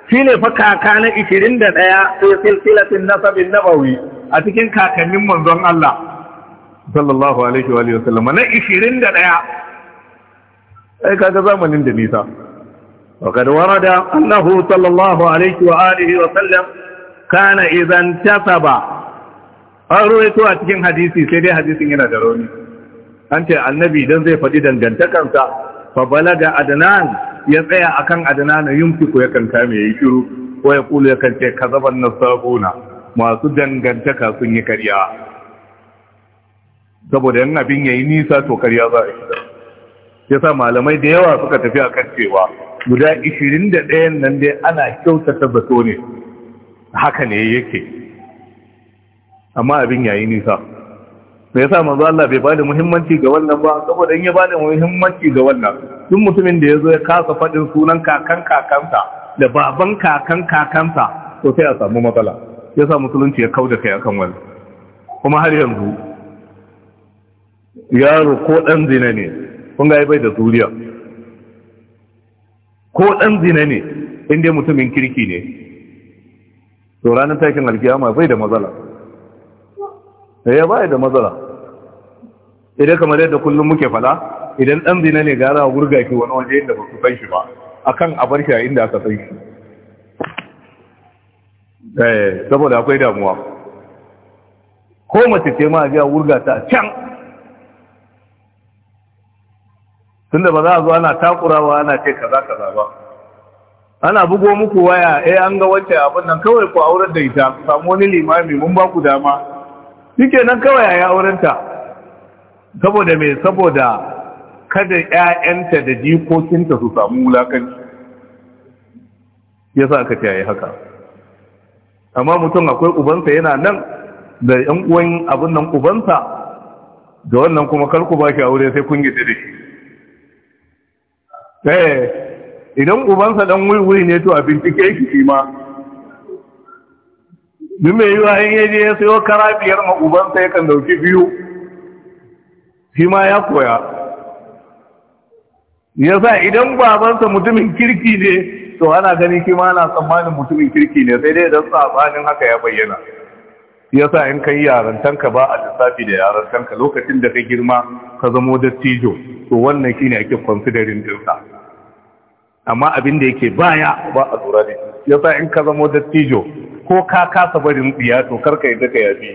Speaker 1: shine fa kaka na 21 sai silsilatin nasab an-nabawi a cikin kakannin manzon Allah sallallahu alaihi wa sallam na 21 Ai kaga zamanin da nisa. Wakarwar wadda Anahu sallallahu alaihi wa'alihi wa sallam ka na izanta saba. An rufe a cikin hadisi sai dai hadisin yana da rauni. An ce Annabi dan zai faɗi dangantakarsa, babala da Adanan ya tsaya akan Adanan yunufi ku yakan kame ya yi shiru, kowai Kulu yakan ce ka zaban na sabona masu danganta kafin ya karya. Saboda 'yan abin ya yi nisa, cokaliya za a shiga. yasa malamai da yawa suka tafi a kan cewa guda 21 nan dai ana kyautata bato ne haka ne yake amma abin yayi nisa me yasa manzo Allah bai bada muhimmanci ga wannan ba saboda in ya bada muhimmanci ga wannan duk mutumin da ya zo ya kasa faɗin sunan kakan kakansa da baban kakan kakansa to sai a samu matsala yasa musulunci ya kauda kai akan wannan kuma har yanzu yaro ko ɗan zina ne kun ga bai da zuriya ko ɗan zina ne inda mutumin kirki ne to ranar takin alkiyama bai da matsala ya eh, bai da matsala idan kamar yadda kullum muke fada idan ɗan zina ne gara wurga ki wani waje inda ba su san shi ba akan a bar shi a inda aka san shi eh, saboda akwai damuwa ko mace ce ma a wurga ta can tunda ba za a zo ana takurawa ana ce kaza kaza ba ana bugo muku waya eh an ga wacce abin nan kawai ku auren da ita ku samu wani limami mun ba ku dama shike nan kawai a yi aurenta saboda me saboda kada ƴaƴanta da jikokinta su samu wulakanci sa aka ce yayi haka amma mutum akwai ubansa yana nan da ƴan uwan abin nan ubansa da wannan kuma kar ku ba shi aure sai kun gita da shi eh idan ubansa dan wuri ne to a bincike shi shi ma duk mai yiwa in je ya sayo kara biyar ma ubansa yakan dauki biyu shi ma ya koya yasa idan babansa mutumin kirki ne to ana gani shi ma ana tsammanin mutumin kirki ne sai dai don sabanin haka ya bayyana yasa in kai yarantanka ba a lissafi da yarantanka lokacin da ka girma ka zamo dattijo to wannan shine ake considering din sa amma abin da yake baya ba a lura da shi yasa in ka zamo dattijo ko ka kasa barin tsiya to karka yi daga ya fi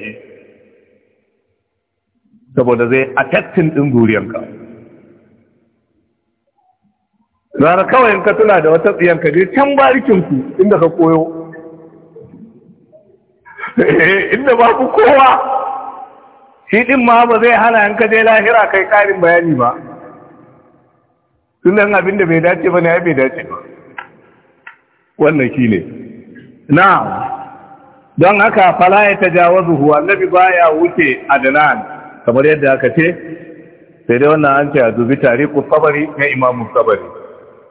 Speaker 1: saboda zai affecting din zuriyanka zara kawai in ka tuna da wata tsiyanka zai can barikinku inda ka koyo eh, inda babu kowa shi din ma ba zai hana yanka je lahira kai karin bayani ba sunan abin da bai dace ba ne ya bai dace ba wannan shi ne na don haka fala ya ta zuhu. huwa annabi baya wuce a adnan kamar yadda aka ce sai dai wannan an ce a dubi ku sabari na imamu sabari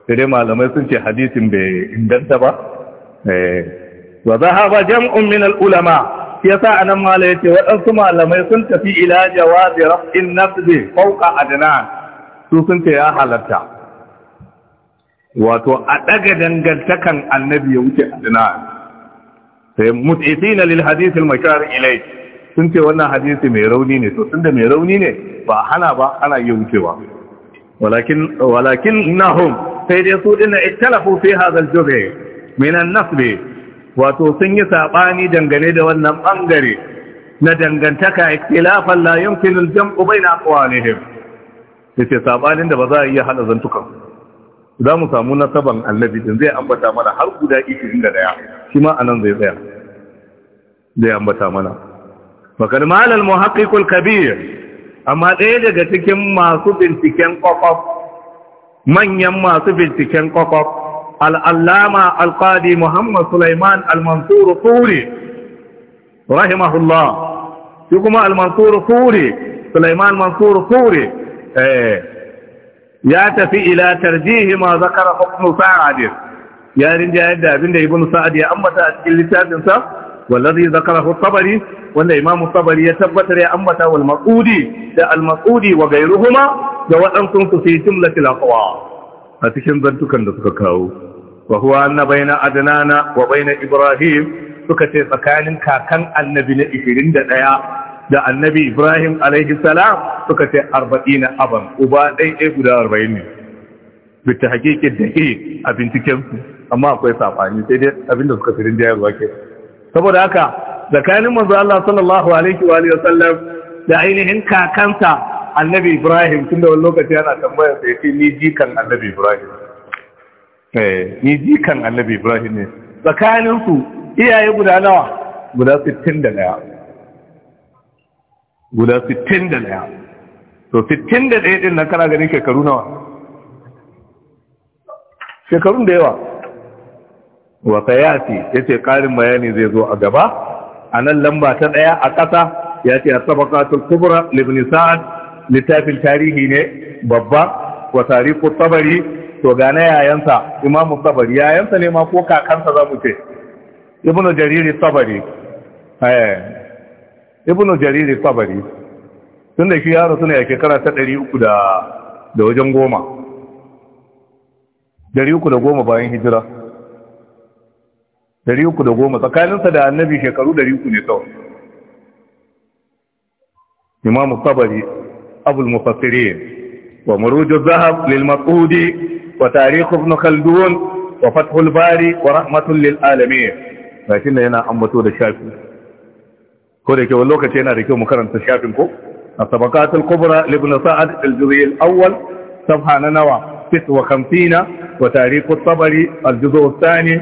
Speaker 1: sai dai malamai sun ce hadisin bai inganta ba eh. wa ba jam'un min al'ulama. Ya sa a nan mala ce waɗansu malamai sun tafi ila jawazi raf'in a da adnan su sun ce ya halarta. wato a ɗaga dangantakan annabi ya wuce adina sai mut'isina lil hadith al mashar ilai. sun ce wannan hadisi mai rauni ne to tunda mai rauni ne ba hana ba ana iya wucewa walakin walakin nahum sai dai su dinna ittalafu fi hadha al juz'i min an nasb wato sun yi saɓani dangane da wannan bangare na dangantaka ikhtilafan la yumkinu al jam'u bayna aqwalihim yace sabanin da ba za a iya hada zantukan za mu samu nasaban annabi din zai ambata mana har guda 21 shi ma anan zai tsaya zai ambata mana bakar malal muhaqqiqul kabir amma ɗaya daga cikin masu binciken kwakwaf manyan masu binciken kwakwaf al'allama alƙadi muhammad sulaiman al-mansur turi rahimahullah shi kuma al-mansur turi sulaiman mansur turi eh ya tafi ila tarjihi ma zakara hukmu sa'ad ya rinja yadda abinda ibn sa'ad ya ambata a cikin littafin sa wallazi zakarahu tabari wanda imam tabari ya tabbatar ya ambata wal maqudi da al maqudi wa gairuhuma da wadansu su fi jumlatil aqwa a cikin zantukan da suka kawo wa huwa anna baina adnana wa baina ibrahim suka ce tsakanin kakan annabi na 21 da annabi Ibrahim alaihi salam suka ce 40 aban uba ɗaiɗai guda arba'in ne ta hakiki da ke a bincikensu amma akwai safani sai dai abinda suka firin jayarwa ke saboda haka tsakanin manzo Allah sallallahu alaihi wa sallam da ainihin kakansa annabi Ibrahim tun da wani lokaci yana tambayar sai ce ni jikan annabi Ibrahim eh ni jikan annabi Ibrahim ne tsakaninsu iyaye guda nawa guda 61 guda 61 to 61 din nan kana ganin shekaru nawa shekarun da yawa wa sayati yace karin bayani zai zo a gaba anan lamba ta daya a ƙasa yace as-sabaqatul kubra li ibn sa'd litafil tarihi ne babba wa tariqu tabari to ga na yayansa imam tabari yayansa ne ma ko kakansa mu ce ibnu jarir tabari eh ibn jarir sabari tun da shi yaro suna ya shekara ta ɗari uku da wajen goma ɗari uku da goma bayan hijira ɗari uku da goma tsakaninsa da annabi shekaru ɗari uku ne kawai imamu sabari abul mufassirin wa murujo zahab lil maqudi wa tarikh ibn khaldun wa fathul bari wa rahmatul lil alamin lakin yana ambato da shafi ko da ke wani lokaci yana da kyau mu karanta shafin ko a sabaqatul kubra li ibn sa'ad al juz al-awwal awwal safha na nawa 55 wa tarikh at-tabari al-juz' الجزء thani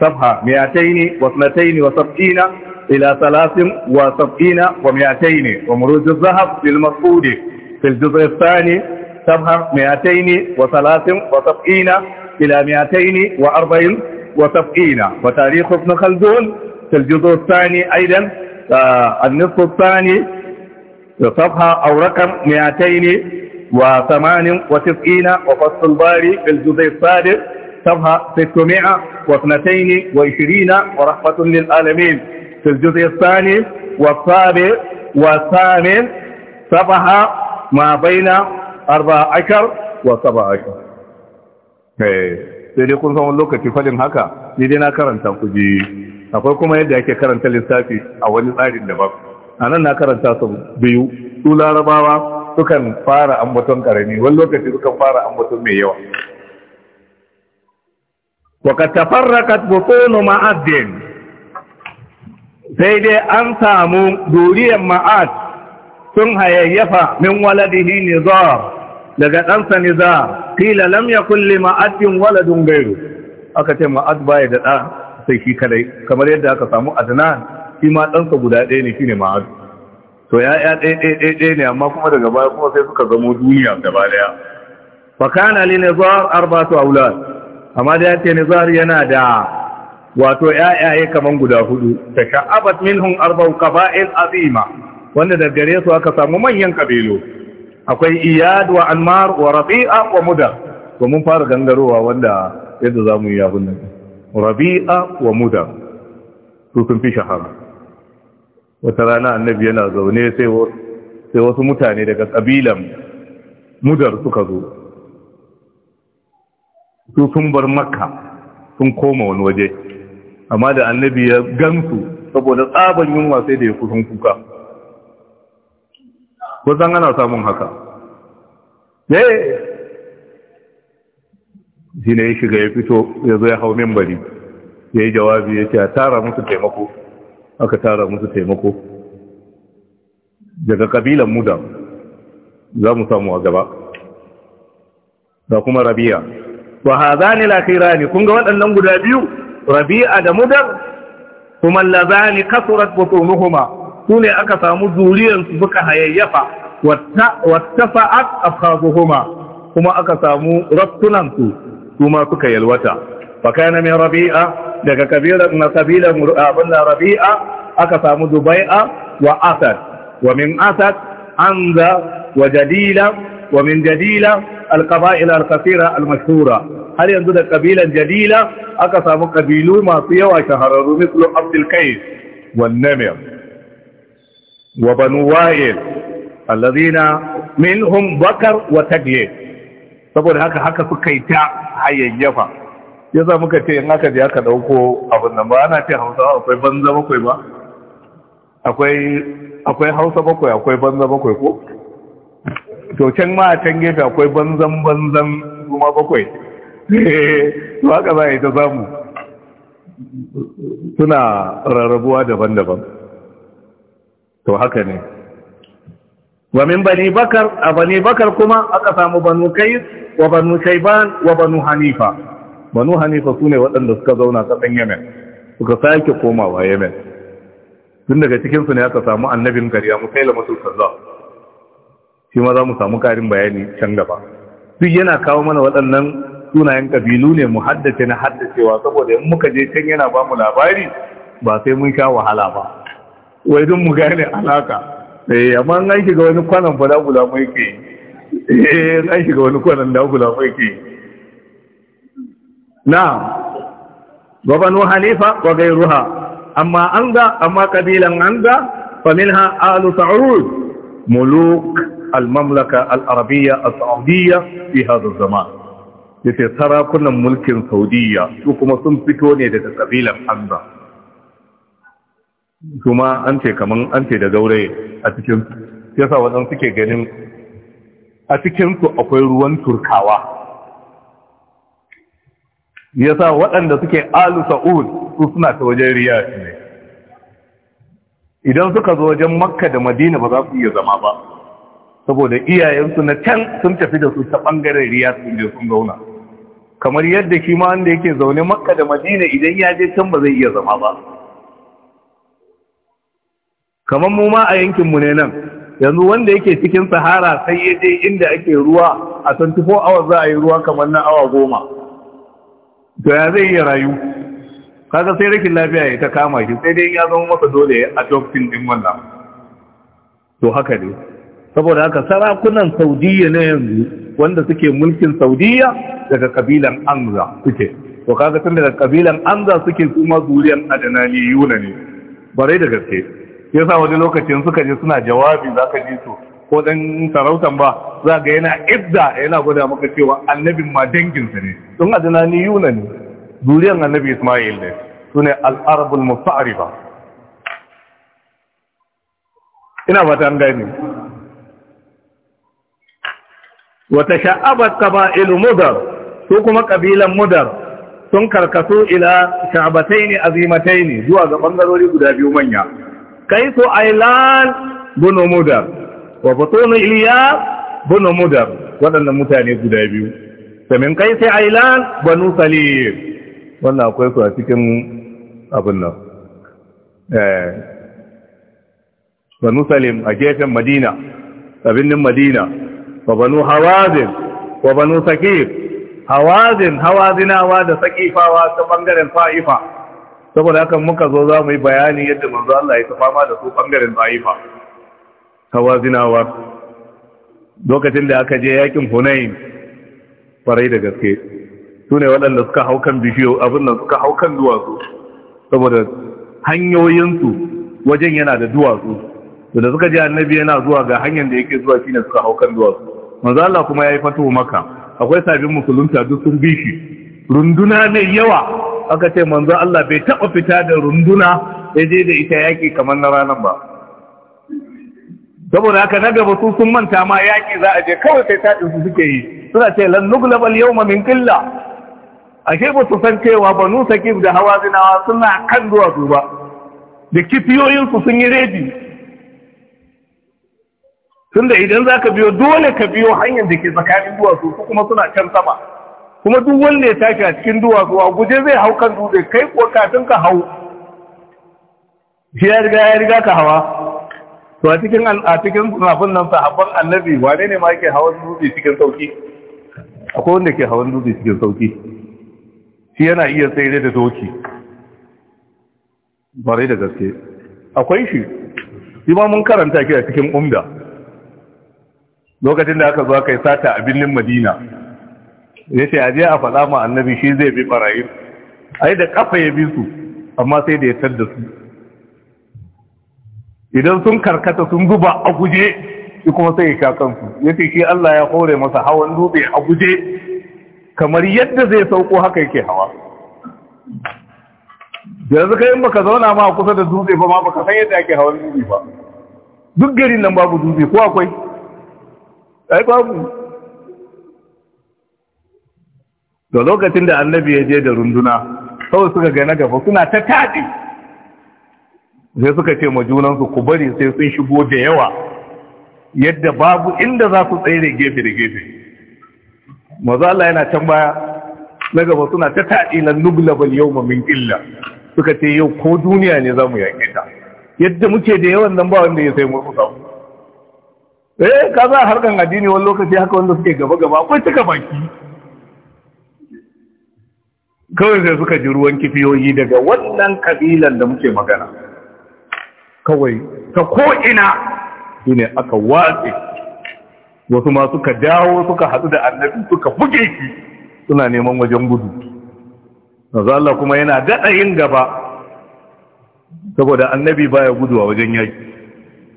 Speaker 1: safha 272 ila 73 wa 200 wa muruj adh-dhahab ومروج الذهب للمسعود juz' الجزء thani safha 273 إلى 274 وتاريخ ابن خلدون في الجزء الثاني أيضا آه، النصف الثاني صفحة أو رقم 298 وفصل الباري في الجزء الثالث صفحة 622 ورحمة للعالمين في الجزء الثاني والسابع والثامن صفحة ما بين 14 و 17 sai dai kun san لك lokaci falin haka ni dai na akwai kuma yadda ake karanta lissafi a wani tsarin ba a nan na karanta su biyu su larabawa sukan fara ambaton karami wani lokaci sukan fara ambaton mai yawa waka tafarrakat butunu ma'addin sai dai an samu duriyar ma'ad sun hayayyafa min waladihi nizar daga ɗansa nizar kila lamya kulle ma'adin ma'addin waladun gairu aka ce ma'ad baya da ɗan sai shi kadai kamar yadda aka samu adnan shi ma ɗansa guda ɗaya ne ne ma'ad to ya ɗaya ɗaya ɗaya ne amma kuma daga baya kuma sai suka zamo duniya gaba ɗaya fa kana li nizar arba'atu aulad amma da ne zuwar yana da wato ya'yaye kaman guda hudu tasha'abat minhum arba'u kaba'il azima wanda daga gare su aka samu manyan kabilu akwai iyad wa anmar wa rabi'a wa mudar to mun fara gangarowa wanda yadda mu yi abun nan rabi'a wa muda su sun fi shahara wata rana annabi yana zaune sai wasu mutane daga ƙabilan mudar suka zo su sun bar makka sun koma wani waje amma da annabi ya gansu saboda tsaban yunwa sai da ya kusan kuka kusan ana samun haka shi ne ya shiga ya fito ya zo ya hau membari ya yi jawabi ya ce a tara musu taimako aka tara musu taimako daga kabilan muda za mu samu a gaba da kuma rabia wa hazani ne, kun ga waɗannan guda biyu rabia da muda kuma lazani kasurat butunuhuma su ne aka samu zuriyarsu suka hayayyafa wata fa'ad a kuma aka samu raftunansu kuma suka yalwata fakana min rabi'a daga kabilar na kabila abun na rabi'a aka samu dubai'a wa asad wa min asad anza wa jadila wa min jadila alqaba'il alkasira almashhura har yanzu da kabilan jadila aka samu kabilu masu yawa shahararru mislu abdul kayf wan namir wa banu wa'il alladhina minhum bakar wa tagyid saboda haka haka suka yi ta hayayyafa ya za muka ce in aka ya ka ɗauko abin nan ba ana ce hausawa akwai banza bakwai ba akwai hausa bakwai akwai banza bakwai ko to can ma a can gefe akwai banzan banzan kuma bakwai to haka za a yi ta samu suna rarrabuwa daban-daban to haka ne wa min bani bakar a bani bakar kuma aka samu banu kai wa banu shaiban wa banu hanifa banu hanifa su ne waɗanda suka zauna ƙasan yamen suka sake komawa yemen tun daga cikinsu ne aka samu annabin gariya kai masul kaza shi ma za mu samu ƙarin bayani can gaba duk yana kawo mana waɗannan sunayen ƙabilu ne mu haddace na haddacewa saboda in muka je can yana ba mu labari ba sai mun sha wahala ba wai duk mu gane alaka eh amma an shiga wani kwanan fa dagula mai ke eh an shiga wani kwanan dagula mai ke na wa banu hanifa wa ghayruha amma ga amma kabilan anga faminha alu sa'ud muluk al-mamlaka al-arabiyya as-saudiyya fi hadha zaman yace sarakunan mulkin saudiyya su kuma sun fito ne daga kabilan Anza. kuma an ce kaman an ce da gauraye a cikin yasa wadan suke ganin a cikin su akwai ruwan turkawa yasa waɗanda suke alu sa'ud su suna ta wajen riyad ne idan suka zo wajen makka da madina ba za su iya zama ba saboda iyayensu na can sun tafi da su ta bangaren riyad sun je sun zauna kamar yadda shi ma wanda yake zaune makka da madina idan ya je can ba zai iya zama ba kamar mu ma a yankinmu ne nan yanzu wanda yake cikin sahara sai ya je inda ake ruwa a 24 hours za a yi ruwa kamar na awa goma to ya zai iya rayu kaga sai rikin lafiya ya ta kama shi sai dai ya zama masa dole a doctrine din wannan to haka ne saboda haka sarakunan saudiya na yanzu wanda suke mulkin saudiya daga kabilan anza suke to kaga tun daga kabilan anza suke kuma zuriyar adanani ne bare da gaske yasa wani lokacin suka je suna jawabi za ka ji su ko dan sarautan ba za ga yana idda yana gwada maka cewa annabin ma danginsa ne don ni yuna ne zuriyar annabi isma'il ne sune al-arabul musta'riba ina fata an gani wata sha'abar qaba'ilu mudar su kuma kabilan mudar sun karkasu ila sha'abatai ne azimatai ne zuwa ga bangarori guda biyu manya kaisu ailan bunu mudar wa fatunu iliya bunu mudar waɗannan mutane guda biyu samin kaisu ailan banu salim wannan akwai su a cikin abin nan banu salim a gefen madina abinin madina wa banu hawazin wa banu sakif hawazin hawazinawa da sakifawa ta bangaren fa'ifa saboda haka muka zo za mu yi bayani yadda manzo Allah ya fama da su bangaren zaifa tawazinawa lokacin da aka je yakin hunain farai da gaske su ne waɗanda suka hau kan bishiyo abin nan suka hau kan duwatsu saboda hanyoyinsu wajen yana da duwatsu da suka je annabi yana zuwa ga hanyar da yake zuwa shine suka hau kan duwatsu manzo Allah kuma yayi fatuwa maka akwai sabbin musulunta duk sun bishi runduna ne yawa aka ce manzo Allah bai taɓa fita da runduna ya je da ita yaƙi kamar na ranar ba saboda haka na gaba su sun manta ma yaƙi za a je kawai sai taɗin su suke yi suna ce lan nuglabal ma min qilla ashe ba su san cewa ba nusa kif da hawa zinawa suna kan duwatsu ba da kifiyoyinsu sun yi reji. tunda idan za ka biyo dole ka biyo hanyar da ke tsakanin duwatsu su kuma suna can sama kuma duk wanda ya tashi a cikin duwatsu a guje zai hau kan dutse kai ko kafin ka hau shi ya riga ya riga ka hawa to a cikin a cikin sunafin nan sahabban annabi wane ne ma yake hawan dutse cikin sauki akwai wanda ke hawan dutse cikin sauki shi yana iya tsere da doki bare da gaske akwai shi shi ma mun karanta ki a cikin umda lokacin da aka zo aka yi sata a birnin madina ya ce aje a faɗa ma annabi shi zai bi a ai da ƙafa ya bi su amma sai da ya tadda su idan sun karkata sun zuba a guje shi kuma sai ya sha kansu ya ce shi Allah ya kore masa hawan dutse a guje kamar yadda zai sauko haka yake hawa yanzu kai in baka zauna ma kusa da dutse ba ma baka san yadda ake hawan dutse ba duk garin nan babu dutse ko akwai ai babu da lokacin da annabi ya je da runduna sau suka ga na gaba suna ta taɗi sai suka ce ma junansu ku bari sai sun shigo da yawa yadda babu inda za ku tsaye da gefe da gefe maza Allah yana can baya na gaba suna ta taɗi na nublabal yau min illa suka ce yau ko duniya ne za mu yaƙe ta yadda muke da yawan nan ba wanda ya sai sau eh ka za a harkan addini wani lokaci haka wanda suke gaba gaba akwai cika baki kawai sai suka ji ruwan kifiyoyi daga wannan kabilan da muke magana kawai ta ko'ina su ne aka watse wasu ma suka dawo suka haɗu da annabi suka buge shi suna neman wajen gudu Allah kuma yana daɗa yin gaba saboda annabi baya gudu a wajen yaki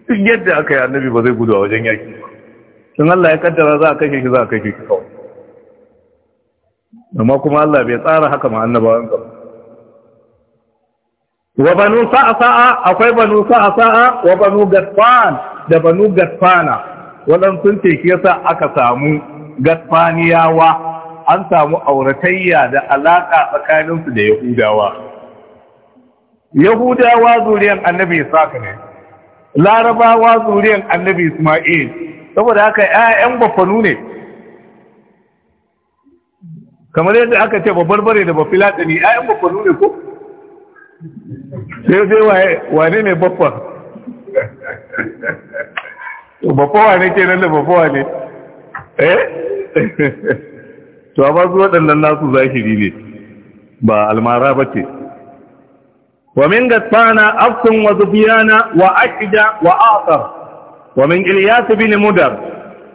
Speaker 1: duk yadda aka yi annabi ba zai gudu a wajen yaki sun Allah ya kaddara za a kashe shi za a kashe shi kawai amma kuma Allah bai tsara haka ma annabawan ka wa banu sa'sa'a akwai banu sa'sa'a wa banu gaffan da banu gaffana wadan sun ce yasa aka samu gaffaniyawa an samu auratayya da alaka tsakaninsu da yahudawa yahudawa zuriyar annabi saka ne larabawa zuriyar annabi isma'il saboda haka 'ya'yan bafanu ne kamar yadda aka ce babbar bare da bafi latani ayan babba nune ko sai sai waye wane ne babba to wane ke nan da babba wane eh to amma su waɗannan nasu zahiri ne ba almara ba ce ومن قطان أفس وزبيان وأشجى وآثر ومن إلياس بن مدر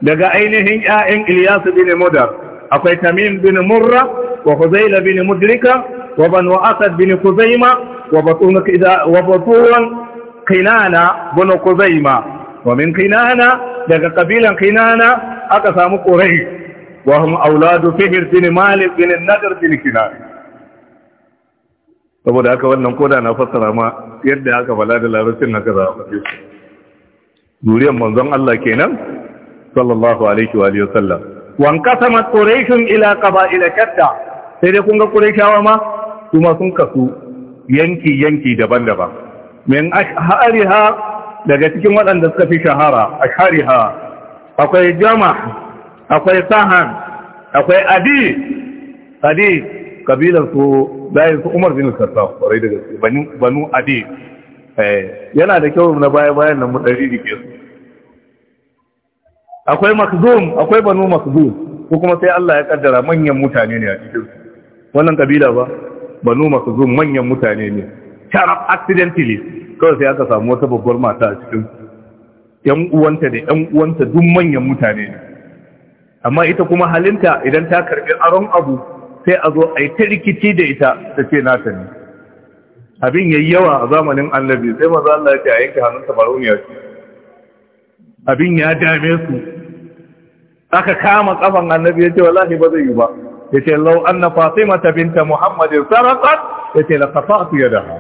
Speaker 1: daga ainihin ‘ya'yan Ilyasu bin Mudar, akwai tamim bin murra wa huzaila bin mudrika wa banu asad bin kuzaima wa batun wa batun kinana bin kuzaima wa min kinana daga kabilan kinana aka samu quraish wa hum auladu fihr bin malik bin nadr bin kinana saboda haka wannan koda na fassara ma yadda aka fala da larabcin haka za a faɗi zuriyar manzon Allah kenan sallallahu alaihi wa alihi wasallam wankasamat quraishun ila qaba'ila shatta sai dai kun ga quraishawa ma kuma sun kasu yanki yanki daban-daban min ashhariha daga cikin waɗanda suka fi shahara ashhariha akwai jama akwai sahan akwai adi adi kabilar su bayan su Umar bin Khattab kwarai da gaske banu adi yana da kyau na baya bayan nan mu dari dike su akwai makzum akwai banu makzum ko kuma sai Allah ya kaddara manyan mutane ne a cikin wannan kabila ba banu makzum manyan mutane ne sharaf accidentally kawai sai aka samu wata babbar mata a cikin yan uwanta da yan uwanta duk manyan mutane ne amma ita kuma halinta idan ta karbi aron abu sai a zo a yi ta rikici da ita ta ce nata ne abin yayi yawa a zamanin annabi sai maza Allah ya ce a yanke hannunta barauniya ce abin ya dame su aka kama kafan annabi ya ce wallahi ba zai yi ba ya ce lau anna fatima ta binta muhammadin sarrafat ya ce lafafatu ya daha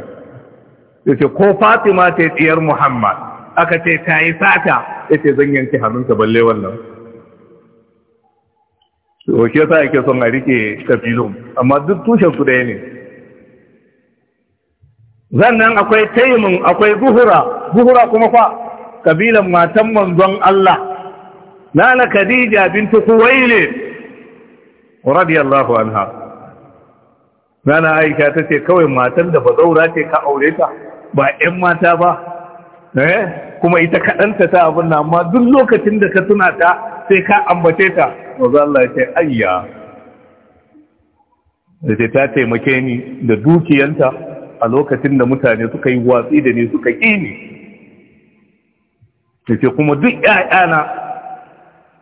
Speaker 1: ya ce ko fatima ta tsiyar muhammad aka ce ta yi sata ya ce zan yanki hannunta balle wannan Wace yasa yake son a rike kabilu amma duk tushen su ɗaya ne zannan akwai taimun akwai zuhura zuhura kuma fa kabilan matan manzon Allah nana Khadija bintu Khuwailid radiyallahu anha nana Aisha ce kawai matan da bazaura ce ka aure ta ba ƴan mata ba eh? kuma ita kaɗanta ta abin amma duk lokacin da ka tuna ta sai ka ambace ta manzo Allah ya ce ayya da ta taimake ni da dukiyanta a lokacin da mutane suka yi watsi da ni suka ƙi ni take kuma duk ƴaƴana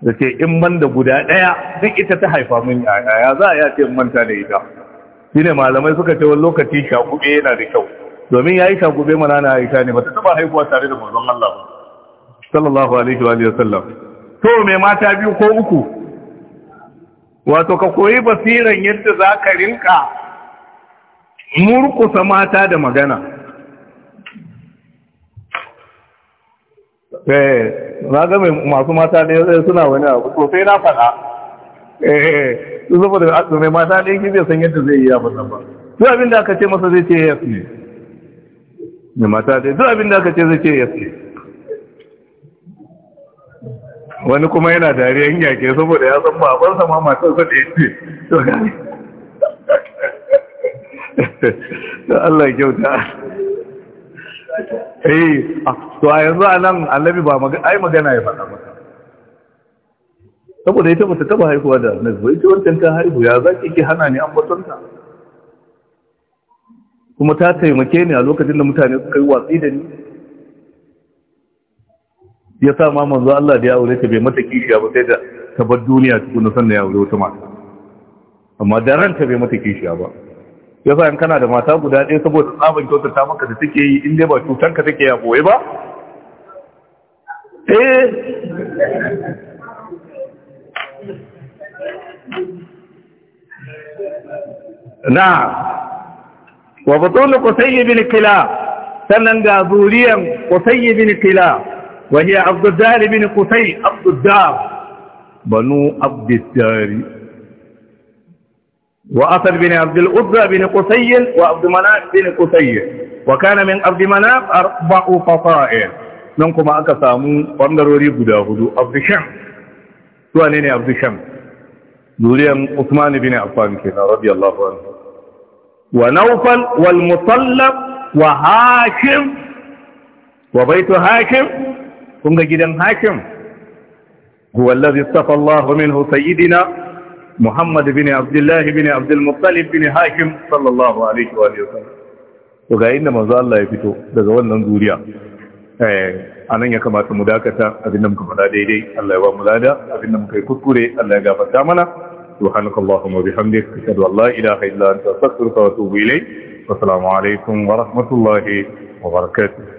Speaker 1: da ce in man da guda ɗaya duk ita ta haifa min ƴaƴa za a yace in manta da ita shi ne malamai suka ce wani lokaci shagube yana da kyau domin ya yi shagube mana na aisha ne ba ta taɓa haihuwa tare da manzon Allah sallallahu alaihi wa sallam to me mata biyu ko uku wato ka koyi basiran yadda za ka rinka murkusa mata da magana Eh, na ga masu mata ɗaya sai suna wani abu to sai na faɗa eh su saboda a tsome mata ɗaya ki zai san yadda zai yi ya fasa ba duk abin da aka ce masa zai ce yes ne ne mata ɗaya duk abin da aka ce zai ce yes ne wani kuma yana dariyan yake saboda ya san sama mata matarsa da yake to gani Allah ya kyauta eh ah, to a yanzu a nan annabi ba ai magana ya faɗa maka saboda ita bata taba haihuwa da annabi ba ita wancan ta haihu ya zaki ki hana ni an batonta kuma ta taimake ni a lokacin da mutane suka yi watsi da ni ya sa ma manzo Allah da ya aure ta bai mata kishiya ba sai da ta bar duniya tukuna sannan ya aure wata mata amma da ranta bai mata kishiya ba ya sa kana da mata guda ɗaya saboda tsaban kyautata maka da take yi inda ba cutar ka take ya boye ba eh na wa batul qusay bin kila, sannan ga zuriyan qusay bin kila, wa hiya abdul bin qusay abdul banu abdul وأسد بن عبد الأزى بن قسي وعبد مناف بن قسي وكان من عبد مناف أربع فصائل ننكم أكسامو فاندروري قداهدو عبد شمس سوانيني عبد شمس ذريا عثمان بن عفان كنا رضي الله عنه ونوفل والمطلب وهاشم وبيت هاشم كنت جدا هاشم هو الذي اصطفى الله منه سيدنا Muhammad bin Abdullah bin Abdul bin Hakim sallallahu alaihi wa sallam to ga inda manzo Allah ya fito daga wannan zuriya eh anan ya kamata mu dakata abinda muka faɗa daidai Allah ya ba mu lada abinda muka yi kuskure Allah ya gafarta mana subhanakallahumma wa bihamdika ashhadu an la ilaha illa anta astaghfiruka wa atubu ilayk wa assalamu alaikum wa rahmatullahi wa barakatuh